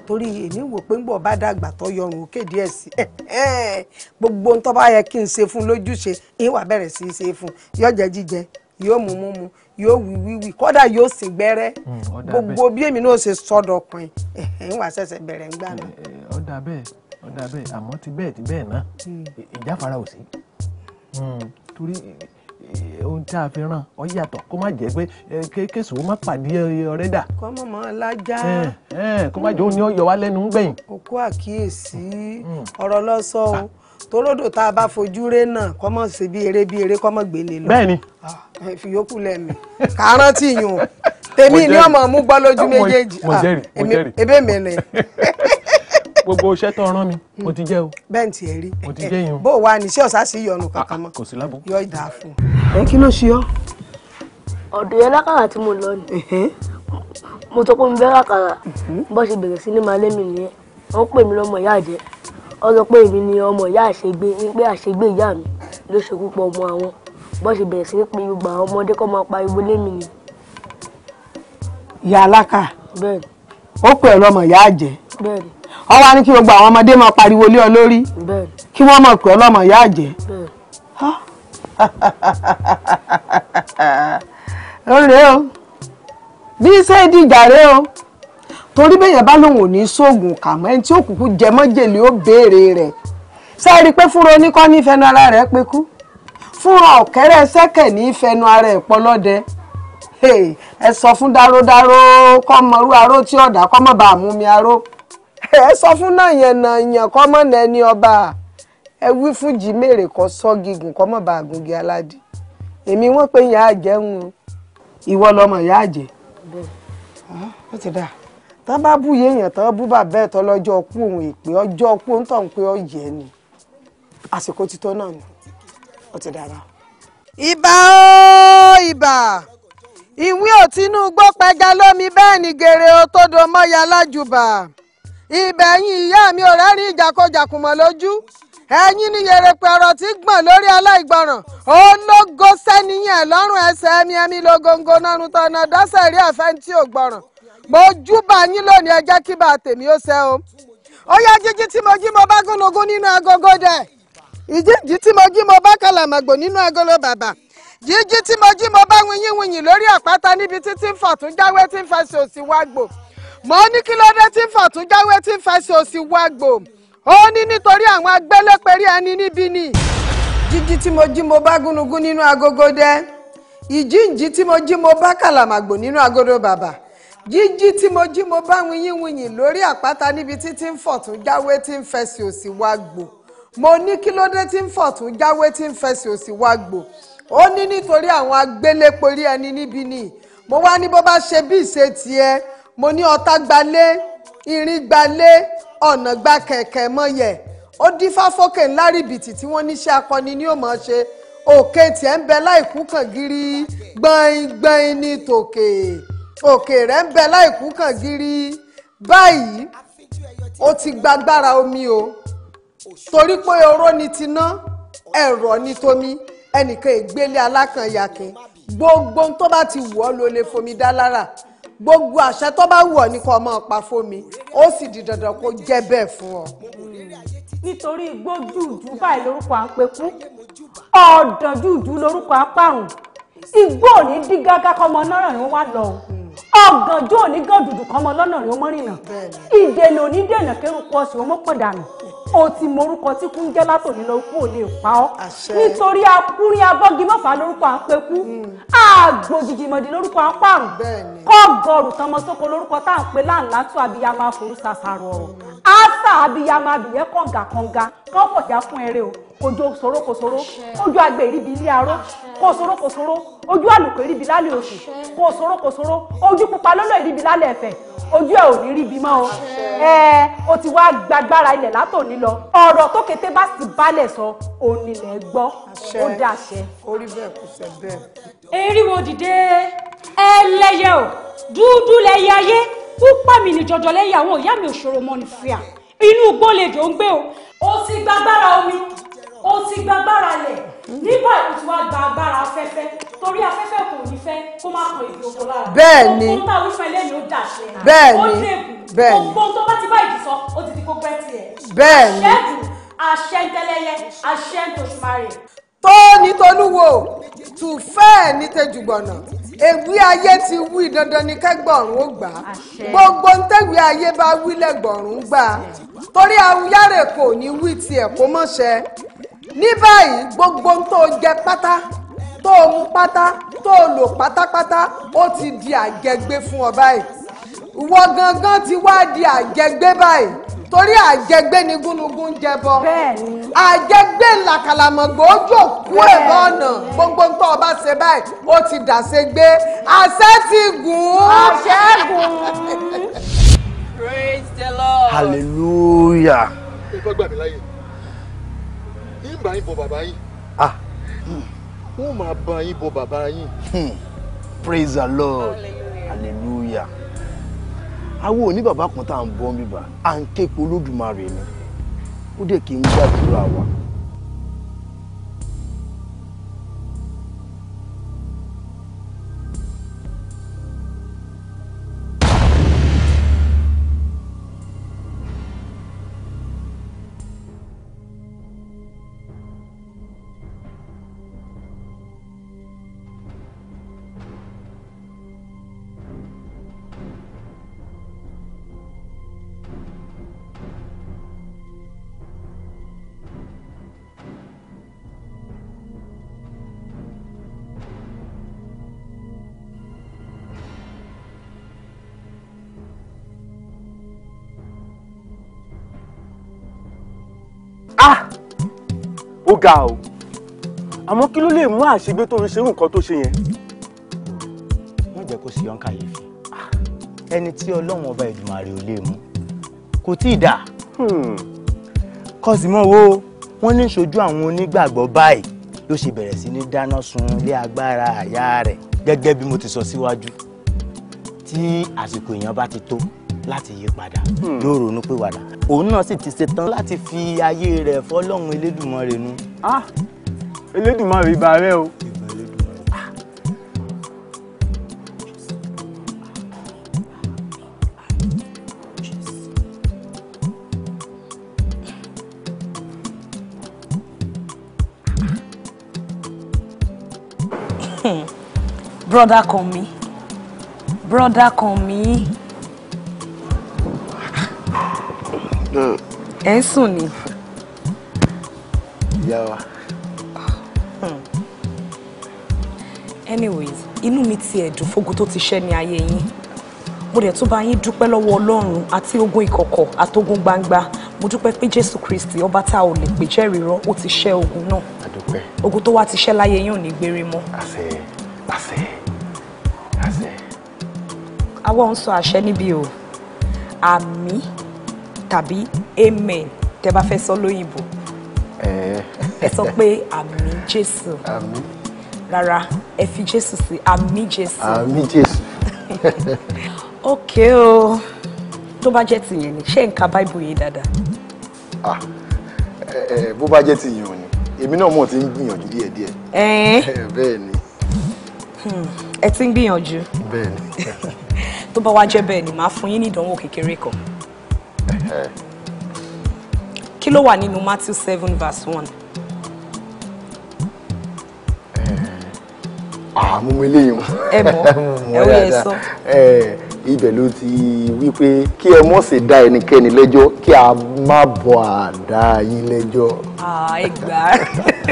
torí èmi wò pé ń bọ̀ bá dàgbà tó yọrùn òkè díẹ̀ sí (laughs) gbogbo ohun tó bá yẹ kí n ṣe fún lójúṣe ìyẹn wà bẹ̀rẹ̀ sí í ṣe fún yóò jẹ jíjẹ yóò mú mú mu yóò wí wíwì kódà yóò sì gbẹ́rẹ́ mm, gbogbo bí èmi náà ṣe sọ́dọ̀ pin ìyẹn wà ṣẹ̀ṣẹ̀ bẹ̀rẹ̀ ń gbà náà. Eh, eh, ó dà bẹ́ẹ̀ ó bẹ́ẹ̀ àmọ́ ti bẹ́ẹ̀ ti bẹ́ẹ̀ náà hmm. ìjáfara ò sí hmm, torí ohun tí a fi ràn ọ yàtọ̀ kó má jẹ́ pé kéésì ó má pàdé ọ̀rẹ́ dà. kọ́ mọ̀ mọ́ lájà. kó má jẹ́ òun ni ó yọ wá lẹ́nu gbẹ̀yìn. òkú àkíyèsí hmm. ọ̀rọ̀ lọ́sọ̀ o ah. toródò tá a bá fojú ré náà kọ́ mọ̀ sí bí eré bí eré kọ́ mọ̀ gbélé lọ. bẹ́ẹ̀ni. Ah, fìyókù lẹ́mi kàrántì yùn (laughs) tèmi ni ọmọ mú gbọ́ lójú méjèèjì ah, èmi ni. (laughs) gbogbo iṣẹ́ tó rán mi mo ti jẹ́ o. bẹ́ǹtì ẹ̀ rí mo ti jẹ́ yín o. bó o wà ní sí ọ̀sá sí ìyọnu ah, ah, kankan mọ́ kò sí lábò. yọ ìdá fún un. ẹ kí ló ṣe ọ. ọ̀dọ̀ yẹn lákàrà tí mo lọ ni mo tọ́ pé mi bẹ́ẹ̀ lákàrà bó ṣe bẹ̀rẹ̀ sí ní máa lé mi nìyẹn wọ́n pè mí lọ́mọ ìyá àjẹ́ wọ́n sọ pé èmi ni ọmọ ìyá àṣegbé pé àṣegbé ìyá mi ló ṣekú pa ọmọ àwọn bó ṣe bẹ̀rẹ̀ sí ní pé gbogbo ọmọdé kọ́ máa pariwo lé mi ìyá alákà bẹ́ẹ̀ ó pè ọlọmọ ìyá àjẹ́ bẹ́ẹ̀ ọ wá ní kí gbogbo àwọn ọmọdé máa pariwo lé ọ lórí kí wọ́n mọ̀ pé ọlọ́mọ ìyá àjẹ́ rèé o bí iṣẹ́ ìdíjà rèé o torí bẹ́yẹn bá lòun ò ní sóògùn kàmọ́ ẹni tí òkùnkù jẹ mọ́jèlé ó béèrè rẹ̀ pé fúnra oníkọ́ ní ara rẹ̀ fúnra ọ̀kẹ́rẹ́ sẹ́kẹ̀ ní ara ẹ̀ pọlọ́dẹ ẹ sọ fún dáródáró kọ́ mọ̀rú aró tí ọ̀dà kọ́ mọ̀ bá mú mi aró. ẹ sọ fún náà yẹn náà yẹn kọ́ mọ́ náà ẹni ọba ẹ wí fún jìmèrè kọ́ sọ gígùn kọ́ mọ́ bá agungi aládì èmi wọ́n pé yà á jẹun ìwọ lọmọ yà á jẹ ó bá bú yéèyàn tán bú bàbá ẹ̀ tán lọ́jọ́ kú òun èpè ọjọ́ kú òun tàn pé ọ̀yẹ́ ni àsìkò títọ́ náà ni ó ti dára. ìbà ó ìbà ìwé òtínú gbọ́ pẹ́gà lómi bẹ́ẹ̀ ni gèrè ó tó do mọ́ya lájùbà. ìbẹ̀yìn ìyá mi ò rẹ́rìn ìjàkọjàkùn mọ́ lójú ẹ̀yin ni yèrèpè ọ̀rọ̀ gbọ̀n lórí aláìgbọràn ológo sẹ́niyàn lọ́rùn ẹsẹ̀ ẹ̀mí ẹ̀mí lógóńgó nárun tọ́nà dọ́sẹ̀ rí ẹ̀fẹ́ tí ò gbọ̀ràn mo júbà yín lónìí ẹ kí bá tèmi ó o ó yá jíjí mo jí mo bá nínú agogo de ìjíjí tí mo jí mo bá kàlàmàgbò nínú agolo bàbà jíjí tí mo jí mo bá lórí àpáta níbi títí ń jáwé tí mo ní kí ló dé tí fọ̀tún jáwé tí fẹsẹ̀ òsì wá gbò ó ní nítorí àwọn agbéléperí ẹni níbí ni. jíjí tí mo jí mo bá gúnugún nínú agogo dẹ ìjíǹjí tí mo jí mo bá kàlàmàgbò nínú agodo bàbà jíjí tí mo jí mo bá winyín winyìn lórí àpáta níbi tí tí ń fọ̀tún jáwé tí ń fẹsẹ̀ òsì wá gbò mo ní kí ló tí ń fọ̀tún jáwé tí ń fẹsẹ̀ òsì wá gbò ó ní nítorí àwọn agbéléporí ẹni níbí ni mo wá ní bó bá ṣe bí ìṣe tiẹ̀ mo ní ọ̀tá gbalé irin gbalé ọ̀nà gba kẹ̀kẹ́ mọ̀yẹ̀ ó dífá fókè ńlá rìbìtì tí wọ́n níṣẹ́ akọni ni ó mọ̀ ṣe òkè tiẹ̀ ń bẹ láìkú kàn gírí gbọ̀n gbọ̀n ní tòkè òkè rẹ̀ ń bẹ láìkú kàn gírí báyìí ó ti gbàgbára omi o torí pé oró ni tiná ẹ̀rọ ni tomi ẹnìkan ìgbélé alákànyàkín gbogbo ohun tó bá ti wù ló lè fomi dá lára gbogbo àṣẹ tó bá wù ọ ní kó máa pa fún mi ó sì di dandan kó jẹ́ bẹ́ẹ̀ fún ọ. nítorí igbó dùdú báyìí lórúkọ àpẹkú ọ̀dọ̀ lórúkọ apárùn igbó ò ní dí gágá kọ́mọ náírà ni wọ́n wá lọ ọ̀gànjọ́ òní gàdùdù kan mọ lọ́nà rẹ̀ ó mọ́rìnà ìdènà òní dènà kẹrù pọ̀ sí ọmọ pọ̀dànù o ti morúkọ tí kún jẹ́ látòní lọ kú ò lè pa ọ́ nítorí akúrin abọ́gimọ́fà lórúkọ àpẹ́kú hmm. àgbòjìjìmọ̀dì lórúkọ apárùn kọ́gọ́rù tọmọsókò lórúkọ tá à ń pe láǹlátú abiyamọ aforúsàsàrọ̀ ọ̀rọ̀ ásà abiyamọ abiyẹ kọ̀ǹgàkọ̀ǹgà kọ́pọ̀ já fún ẹrẹ́ o ojú soro kò soro ojú agbe ìríbi ilé aró kò soro kò soro ojú àlùkò ìríbi lálẹ́ oṣù kò soro kò soro ojú pupa lọ́lọ́ ìríbi lálẹ́ ẹ̀fẹ̀ ojú ẹ̀ ò ní ríbi mọ́ o ẹ o ti wá gbàgbára ilẹ̀ látòní lọ ọ̀rọ̀ tó kété bá sì balẹ̀ sọ onílẹ̀ gbọ́ ó dàṣẹ. orí bẹ́ẹ̀ kò sẹ́ bẹ́ẹ̀. eriwo dìde ẹlẹ́yẹ o dúdú lẹ́yẹ ayé púpọ̀ mi ní jọjọ lẹ́yẹ àwọn ìyá mi ò mọ́ ní fíà inú igbó lejò ń gbé o ó sì gbàgbára omi ó ti gba agbára lẹ̀ nígbà ìlú tí wàá gba agbára afẹ́fẹ́ torí afẹ́fẹ́ kò ní fẹ́ kó má pọ̀ èdè oko lára bẹ́ẹ̀ ni òkúta wífẹ́ lẹ́yìn ó dàṣẹ bẹ́ẹ̀ ni bẹ́ẹ̀ ni òkú tó bá ti bá ìdí ó ti tóní tolúwo tùfẹ́ẹ̀ ní tẹjúgbọ̀nà ègbé ayé ti wí dandan ni kẹgbọ̀rún ó gbà á gbogbo ń ayé bá wí lẹ́gbọ̀rún gbà á torí awuyárè kò ní wí tiẹ̀ kó mọ̀ṣẹ́ ní báyìí gbogbo tó jẹ pátá tó mu pátá tó lò pátápátá ó ti di àjẹgbé fún ọ báyìí ìwọ gangan ti wá di àjẹgbé báyìí torí àjẹgbé ni gúnugún jẹ bọ àjẹgbé làkàlàmọ̀gbò ojú òkú ẹ̀rọ ọ̀nà gbogbo ń tọ́ ọba ṣe báyìí ó ti dàṣe gbé àṣẹ ti gùn ún. àṣẹ gùn ún. praise the lord. hallelujah bá yín bọ bàbá yín. ah. Hmm. wọ́n máa bá yín bọ bàbá yín. Hmm. praise the lord hallelujah. àwọn òní bàbá kan tá à ń bọ́ bíbá à ń ké pe ni ó dẹ̀ kí n gbàdúrà wa. ga o àmọ́ kí ló lè mú àṣegbé tó fi ṣe nǹkan tó ṣe yẹn. má jẹ́ kó sì yọ ń kàyéfì ẹni tí ọlọ́run ọba Èdùmàrè ò lè mú kò tí ì dà hmm. kọ́sìmọ́ wo wọ́n ní ṣojú àwọn onígbàgbọ́ báyìí ló ṣe bẹ̀rẹ̀ sí ní dáná sun ilé agbára àyà rẹ̀ gẹ́gẹ́ bí mo ti sọ síwájú tí àsìkò èèyàn bá ti tó láti yí padà hmm. yóò ronú pé wàdà òun náà sì ti ṣetán láti fi ayé rẹ̀ fọlọ́run Elédùmarè nu. Ah! Elédùmarè ibà rẹ o. Hmm. brother Kànmí brother Kànmí. ẹ ń sùn ni. ìyá wa. Hmm. anyways inú mi ti ẹ̀dùn fógun tó ti ṣẹ́ ní ayé yín mo dẹ̀ tún bá yín dúpẹ́ lọ́wọ́ ọlọ́run àti ogun ìkọ̀kọ̀ àtogun gbangba mo dúpẹ́ pé jésù kristi ọba tá a ò lè pè jẹ́rìí rán ó ti ṣẹ́ ogun náà ogun tó wá ti ṣẹ́ láyé yín ò ní gbére mọ́. àṣẹ ń sọ àṣẹ níbí o àmì tàbí amen tẹ bá fẹ́ sọ lóyìnbó ẹ sọ pé àmì jésù rárá ẹ fi jésù sí àmì jésù. àmì jésù. (laughs) ok o tó bá jẹ́ tìyẹn ni ṣé nǹkan báìbù yìí dáadáa. ah bó bá jẹ́ tìyẹn ò ní èmi náà mọ̀ ti ń gbìyànjú díẹ̀díẹ̀. bẹ́ẹ̀ ni. Hmm, ẹ ti ń gbìyànjú. bẹ́ẹ̀ ni. (laughs) tó bá wá jẹ́ bẹ́ẹ̀ ni màá fún yín ní ìdánwò kékeré kan kí ló wà nínú Matthew seven verse one. àmú mi lè yun. ẹ (laughs) mọ ẹ ó yẹ sọ. Eh, ibẹ̀ ló ti wí pé kí ẹ mọ̀ ṣe dá ẹnikẹ́ni lẹ́jọ́ kí a má bọ̀ à dá yín lẹ́jọ́. Ah, ẹ gbà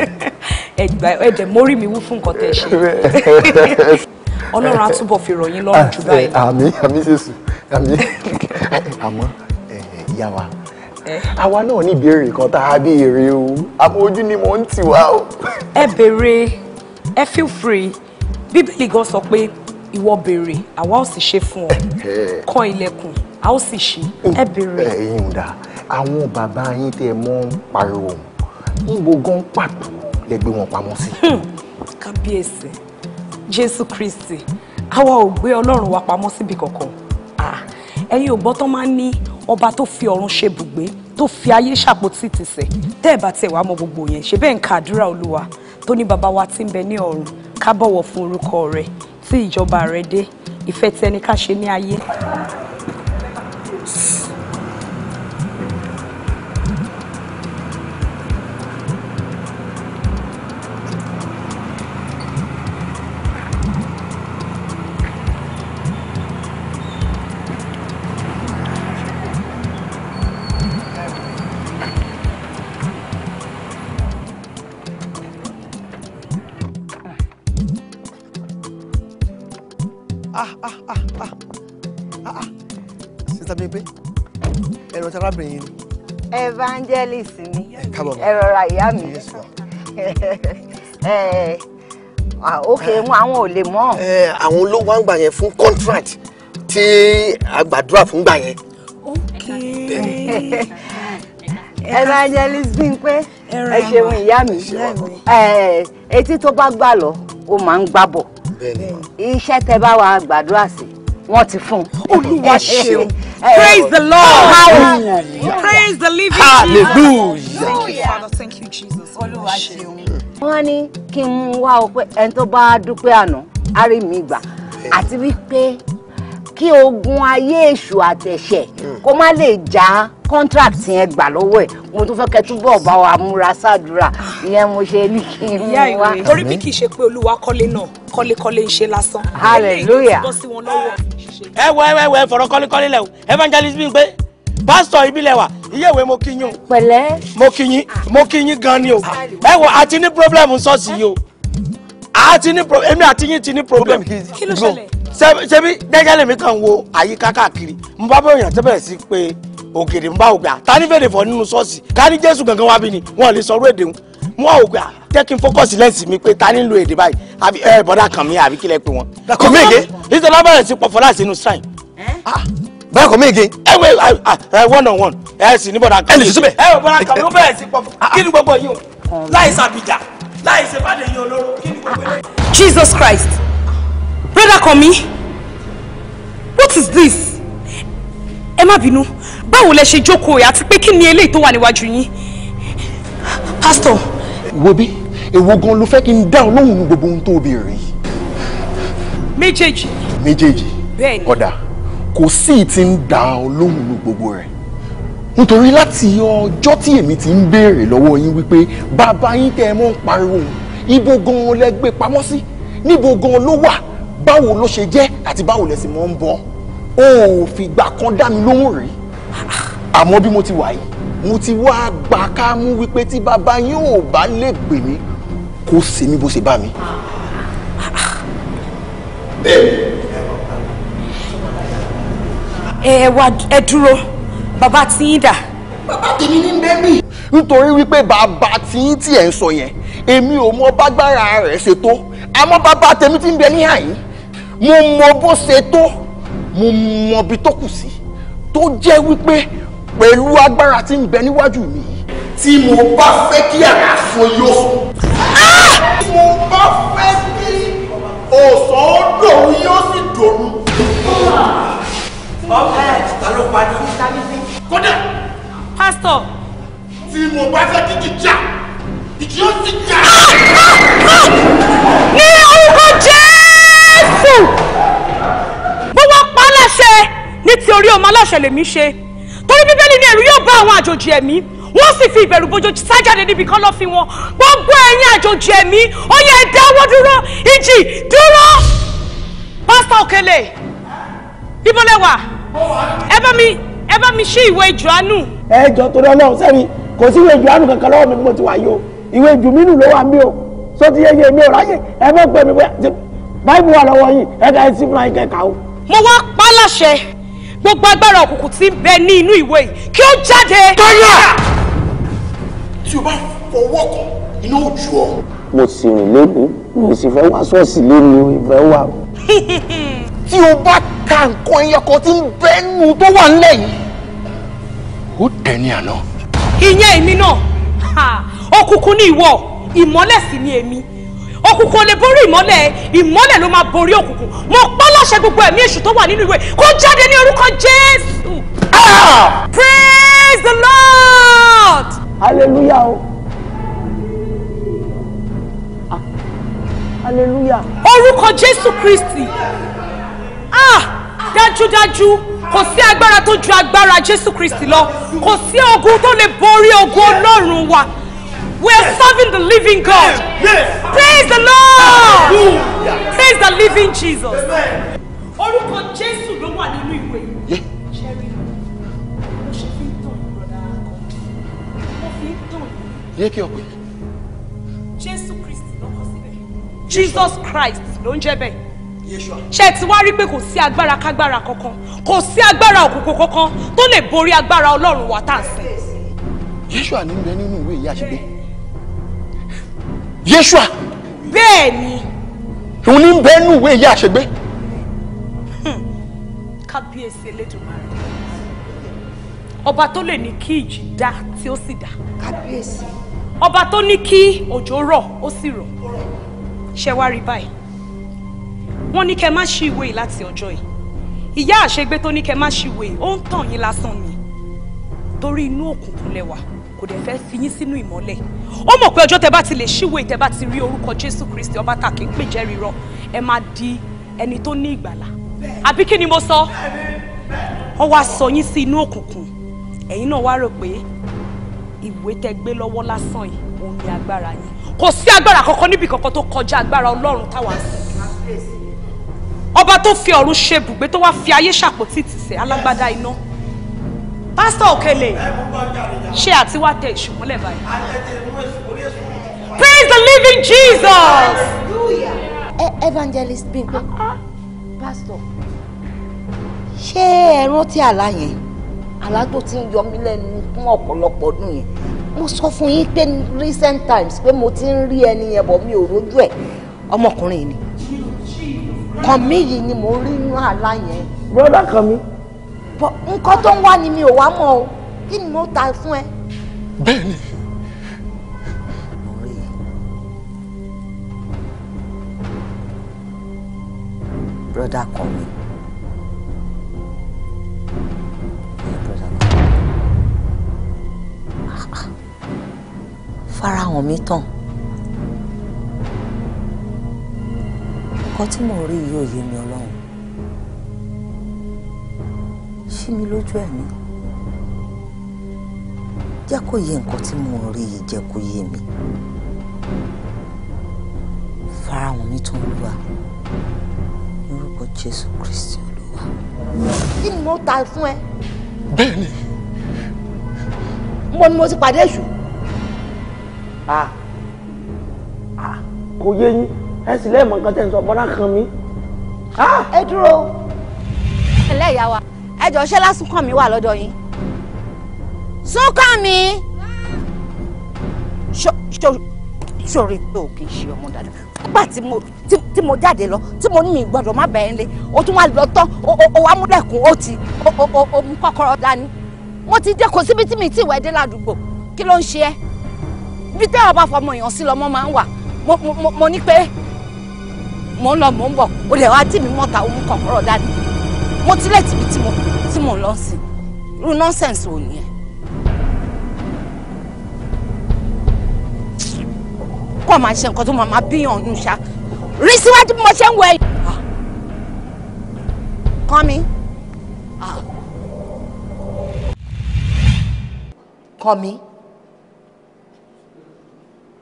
(laughs) ẹ gbà ẹ dẹ̀ mórí mi wú fún nǹkan tẹ̀ ṣe. (laughs) ọlọ́run á túbọ̀ fi rọ̀ yín lọ́rùn jù ah, eh, báyìí. àmín àmín Jésù àmín àmọ́ yá wa àwa náà ní ìbéèrè kan tá a béèrè o àmọ́ ojú ni mò ń tì wá o. ẹ béèrè ẹ feel free bíbélì gan sọ pé ìwọ béèrè àwa ó sì ṣe fún ọ kàn ilẹ̀kùn a ó sì ṣí ẹ béèrè. ẹyin ò àwọn bàbá yín tẹ mọ pariwo níbo gan pàtó lẹ wọn pamọ́ sí. Hmm, kábíyèsí jésù kristi àwa ò gbé ọlọ́run wa pamọ́ síbi kankan ah, ẹ̀yin ò gbọ́ tán máa ń ní ọba tó fi ọ̀run ṣe bùgbé tó fi ayé ṣàpótí tìsẹ̀ tẹ́ ẹ̀ bá tiẹ̀ wá mọ gbogbo yẹn ṣe bẹ́ẹ̀ ń ka àdúrà olúwa tó ní bàbá wa tí ń bẹ ní ọ̀run ká bọ̀wọ̀ fún orúkọ rẹ̀ tí ìjọba rẹ̀ dé ìfẹ́ tẹni ká ṣe ní ayé arábìnrin yìí. evangelist ni ẹ rọra ìyá mi (laughs) eh, ok wọn eh. àwọn ò lè mọ. Eh, àwọn olówó àgbà yẹn fún contract tí àgbàdúrà fún gbà yẹn. ok (laughs) evangelist Bímpé ẹ ṣeun ìyá mi etí tó bá gbà lọ ó máa ń gbà bọ̀ iṣẹ́ tẹ bá wa gbàdúrà sí wọ́n ti fún un. olúwa ṣeun (laughs) Praise the Lord. Hallelujah. Praise the living Hallelujah. Jesus. Thank you, Father. Thank you, Jesus. Olúwa ṣeun. Wọ́n ní kí n wá ọpẹ́ ẹni tó bá dúpẹ́ àná, á rí mi gbà. Àti wípé kí ogun ayé èṣù àtẹ̀ṣẹ̀ kó má lè já contract yẹn gbà lọ́wọ́ ẹ̀ mo tún fẹ́ kẹ́ túbọ̀ bá wa múra sáàdúrà ìyẹn mo ṣe ní kí n mú wa. torí bí kì í ṣe pé olúwa kọ́lé náà kọ́lékọ́lé ń ṣe lásán. hallelujah. ẹ wọ ẹ wọ ẹ fọ̀rọ̀ kọ́lékọ́lé lẹ̀ o evangelist bí n pé pásítọ̀ ìbílẹ̀ wa ìyẹ̀wé mo kí yín o. pẹ̀lẹ́. mo kí yín mo kí yín gan ni o. ẹ wo àti ní problem ṣọ́ọ̀ṣì yìí o àti ní problem èmi àti yín ti ní problem. kí ló ṣẹlẹ̀. ṣebí gẹ́gẹ́ lèmi kàn wo àyíká káàkiri mo bá bóyá tẹ́bẹ̀rẹ̀ sí pé ògèrè ń bá ògbà ta ní fèrè fọ nínú ṣọ́ọ̀ṣì ká ní jésù gangan wá bí ni wọn ò lè sọ̀rọ̀ èdè wọn ògbà jẹ́ kí n fọ́kọ̀sì lẹ́sì mi pé ta ní lo èdè báyìí àbí ẹ bọ́dà kan mi àbí kílẹ̀ pé wọn. kò mí ègé. nítorí lábẹ́rẹ́ sí pọ̀fọ́ láti inú shrine. Ah. bẹ́ẹ̀ kò mí ègé. ẹ wẹ ẹ one on one ẹ sì ní bọ́dà kan. ẹ lè ṣe síbẹ̀. ẹ bọ́dà kan ló bẹ̀rẹ̀ sí pọ̀fọ́ ah, ah. kí ni gbogbo yìí o láì Jesus Christ brother Kọ́mi what is this ẹ má bínú báwo lẹ ṣe jókòó àti pé kí ni eléyìí tó wà níwájú yín pásítọ̀. wo bí èwo gan ló fẹ́ kí n dáhùn lóhùn ní gbogbo ohun tó o béèrè yìí. méjèèjì. méjèèjì. bẹ́ẹ̀ni ọ̀dà kò sí ti ń dá ọ lóhùn gbogbo rẹ̀ nítorí láti ọjọ́ tí èmi ti ń béèrè lọ́wọ́ yín wípé bàbá yín tẹ́ ẹ mọ́ ń pariwo ibo gan lẹ gbé pamọ́ sí níbo gan ló wà báwo ló ṣe jẹ́ àti báwo lẹ sì mọ́ ń bọ́ o ò fìgbà kan dá mi lóhùn rí àmọ́ bí mo ti wà yìí mo ti wá gbà ká mú wípé tí bàbá yín ò bá lè gbè mí kó ṣe mí bó ṣe bá mi. ẹ wá ẹ dúró bàbá tí yín dà. bàbá tèmi ní bẹ́ẹ̀ bì. nítorí wípé bàbá tí yín tí ẹ̀ ń sọ yẹn èmi ò mọ bágbára rẹ̀ ṣe tó àmọ́ bàbá tèmi ti ń bẹ ní àyín mo mọ bó ṣe tó mo mọ ibi tó kù sí tó jẹ́ wípé pẹ̀lú agbára tí ń bẹ níwájú mi tí mo bá fẹ́ kí àkàsọ yóò sùn. tí mo bá fẹ́ kí ọ̀sán ó dòun yóò sì dòun. ọ̀rẹ́ ta ló parí kódà. pásítọ̀. tí mo bá fẹ́ kí kìjà ìjì ó sì jà. Ah! Ah! Ah! ní orúkọ Jésù ṣe ní ti orí ọmọ aláṣẹ lèmi ṣe torí bíbélì ni ẹ̀rù yóò bá àwọn àjòjì ẹ̀mí wọ́n sì fi ìbẹ̀rù bojo sájáde níbi kan lọ́ fi wọn gbogbo ẹ̀yin àjòjì ẹ̀mí ó yẹ ẹ dáwọ́ dúró ìjì dúró pásítọ̀ òkèlè ibo lẹ wà ẹ mi ẹ bá mi ṣí ìwé Jòhánù. ẹ jọ torí Ọlọ́run sẹmi kò sí ìwé Jòhánù kankan lọ́wọ́ mi ni mo ti wà yìí o ìwé jùmínú ló wà mí o sọ ti yẹ yẹ mi ò ráyè ẹ mọ pé mi báyìí wà lọ́wọ́ yìí ẹ ká ẹ sí fúnra yìí kẹka o mo wá pa á láṣẹ gbogbo agbára òkùnkùn tí ń bẹ ní inú ìwé yìí kí ó jáde. tọ́lá tí o bá fọwọ́ kan iná ò jù ọ. mo sì rìn lónìí mo sì fẹ́ wá ṣọ́ọ̀ṣì lónìí o ìfẹ́ wà. tí o bá ka nǹkan ẹyọ kan tí ń bẹ nù tó wà nílẹ̀ yìí. ó dẹni àná. ìyẹn èmi náà òkùnkùn ni ìwọ ìmọ́lẹ̀ sì ni èmi òkùnkùn lè borí ìmọ́lẹ̀ ìmọ́lẹ̀ ló máa borí òkùnkùn mo pọ́ láṣẹ gbogbo ẹ̀mí èṣù tó wà nínú ìwé kó jáde ní orúkọ Jésù. Praise the Lord. hallelujah o. hallelujah. orúkọ Jésù Kristi ah dájúdájú kò sí agbára tó ju agbára Jésù Kristi lọ kò sí ogun tó lè borí ogun Ọlọ́run wa. Yeah. We are yes. serving the living God. Yes. Praise the Lord. Hallelujah. Praise the living Jesus. Amen. Orúkọ Jésù ló wà nínú ìwé yìí. Ṣẹ́rí ló ṣe fi ń tàn bọ̀dá akọ. Wọ́n fi ń tàn yìí. Yé kí o pè. Jésù Kristi ló kọ síbẹ̀. Jesus Christ ló ń jẹ́ bẹ́ẹ̀ ṣe ti wá rí pé kò sí agbára kágbára kankan kò sí agbára òkùnkùn kankan tó lè borí agbára ọlọ́run wa tá à ń sìn. Yéṣua ní bẹ nínú ìwé ìyá ṣe gbé. Yeshua. bẹ́ẹ̀ni. òun ní bẹ́ẹ̀ nù ìwé ìyá àṣegbé. Hmm. kábíyèsí Elédùmarè ọba tó lè ní kí ìjì dá tí ó sì dá. kábíyèsí. ọba tó ní kí òjò rọ̀ ó sì rọ̀ ṣe wá rí báyìí wọ́n ní kẹ́ má ṣí ìwé yìí láti ọjọ́ yìí ìyá àṣegbé tó ní kẹ́ má ṣí ìwé yìí ó ń tàn yín lásán ni torí inú òkùnkùn lẹ wà kò dẹ̀ fẹ́ fi yín sínú ìmọ́lẹ̀ ó mọ̀ pé ọjọ́ tẹ bá ti lè ṣíwèé tẹ bá ti rí orúkọ Jésù Kristi ọba tàkì ń pèjẹ́ rírọ ẹ máa di ẹni tó ní ìgbàlà àbí kí ni mo sọ ọ wá sọ yín sí inú òkùnkùn ẹ̀yin náà wá rò pé ìwé tẹ gbé lọ́wọ́ lásán yìí òun ni agbára yín kò sí agbára kankan níbi kankan tó kọjá agbára Ọlọ́run táwa ń ọba tó fi ọ̀run ṣe ibùgbé tó wá fi ayé ṣàpótì tìsẹ̀ alágbádá iná. Pastor òkèlè ṣé àti wá tẹ èṣù mọ́lẹ̀ báyìí. praise the living jesus. E, evangelist Bímpé ah, ah. Pastor, ṣé ẹ rántí àlá yẹn àlá tó ti ń yọ mí lẹ́nu fún ọ̀pọ̀lọpọ̀ ọdún yẹn mo sọ fún yín pé recent times pé mo ti ń rí ẹni yẹn bọ̀ mi ò rójú ẹ̀ ọmọkùnrin ni kàn mí yìí ni mo rí inú àlá yẹn. brother kàn mí bọ nǹkan tó ń wá ni mi ò wá mọ̀ o kí ni mo ta fún ẹ. bẹ́ẹ̀ni. broda kan mi. farahàn mi tán nǹkan tí mò rí yìí ò yé mi ọlọ́run ṣí mi lójú ẹ̀ ni jẹ́ kó yé nǹkan tí mo rí yìí jẹ́ kó yé mi farahàn mi tó ń wá lórúkọ Jésù Kristi Olúwa. kí ni mo ta fún ẹ. bẹ́ẹ̀ni. mo ni mo ti pàdé èṣù. Ah. Ah. kò yé yín ẹ sì lẹ́ẹ̀mọ̀ nǹkan tẹ̀ ń sọ bọ́dá kan mi. Ah. ẹ dúró ẹlẹ́yàá wa ẹ jọ ṣẹlá súnkàn mi wà lọ́dọ̀ yín súnkàn mi sórí pé o kì í ṣe ọmọ dáadáa nígbà tí mo jáde lọ tí mo ní mi gbọ́dọ̀ má bẹ̀ẹ́ lé o tún wá lọ tán o wá múlẹ̀kùn o ti o mú kọ́kọ́rọ́ dání mo ti dé kò síbi tí mi ti wẹ̀ dé ládùúgbò kí ló ń ṣe ẹ́ bí tẹ́wọ́ bá fọmọ èèyàn sí lọ́mọ máa ń wà mo ní pé mo ń lọ mo ń bọ̀ o lè wá tì mí mọ́ta o mú kọ́kọ́rọ́ dání mo ti lẹ́tìbí tí mo kù mò ń lọ sí irú nọ́ńsẹ̀nsì ò nìyẹn. kọ́ máa ṣe nǹkan tó máa máa bíyàn ọ̀nù ṣá rí síwájú bí mo ṣe ń wẹ̀ yìí. kàn mí. kàn mí.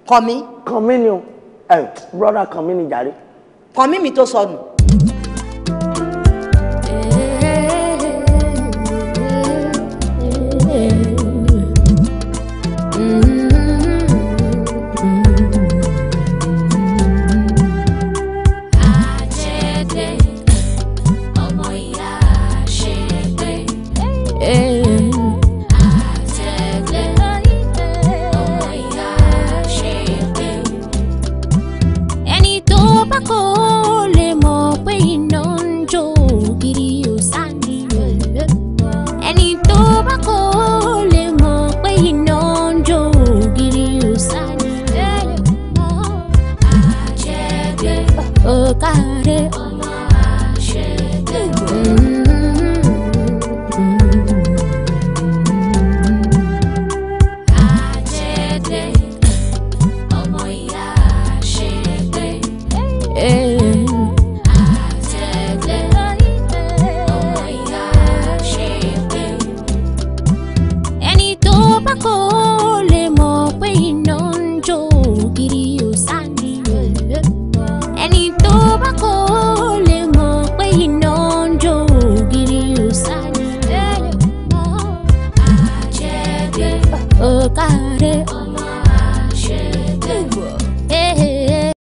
kàn mí. kàn ni o ẹ rọ́dà kàn mí ni jàre. kàn mí mi tó sọnù.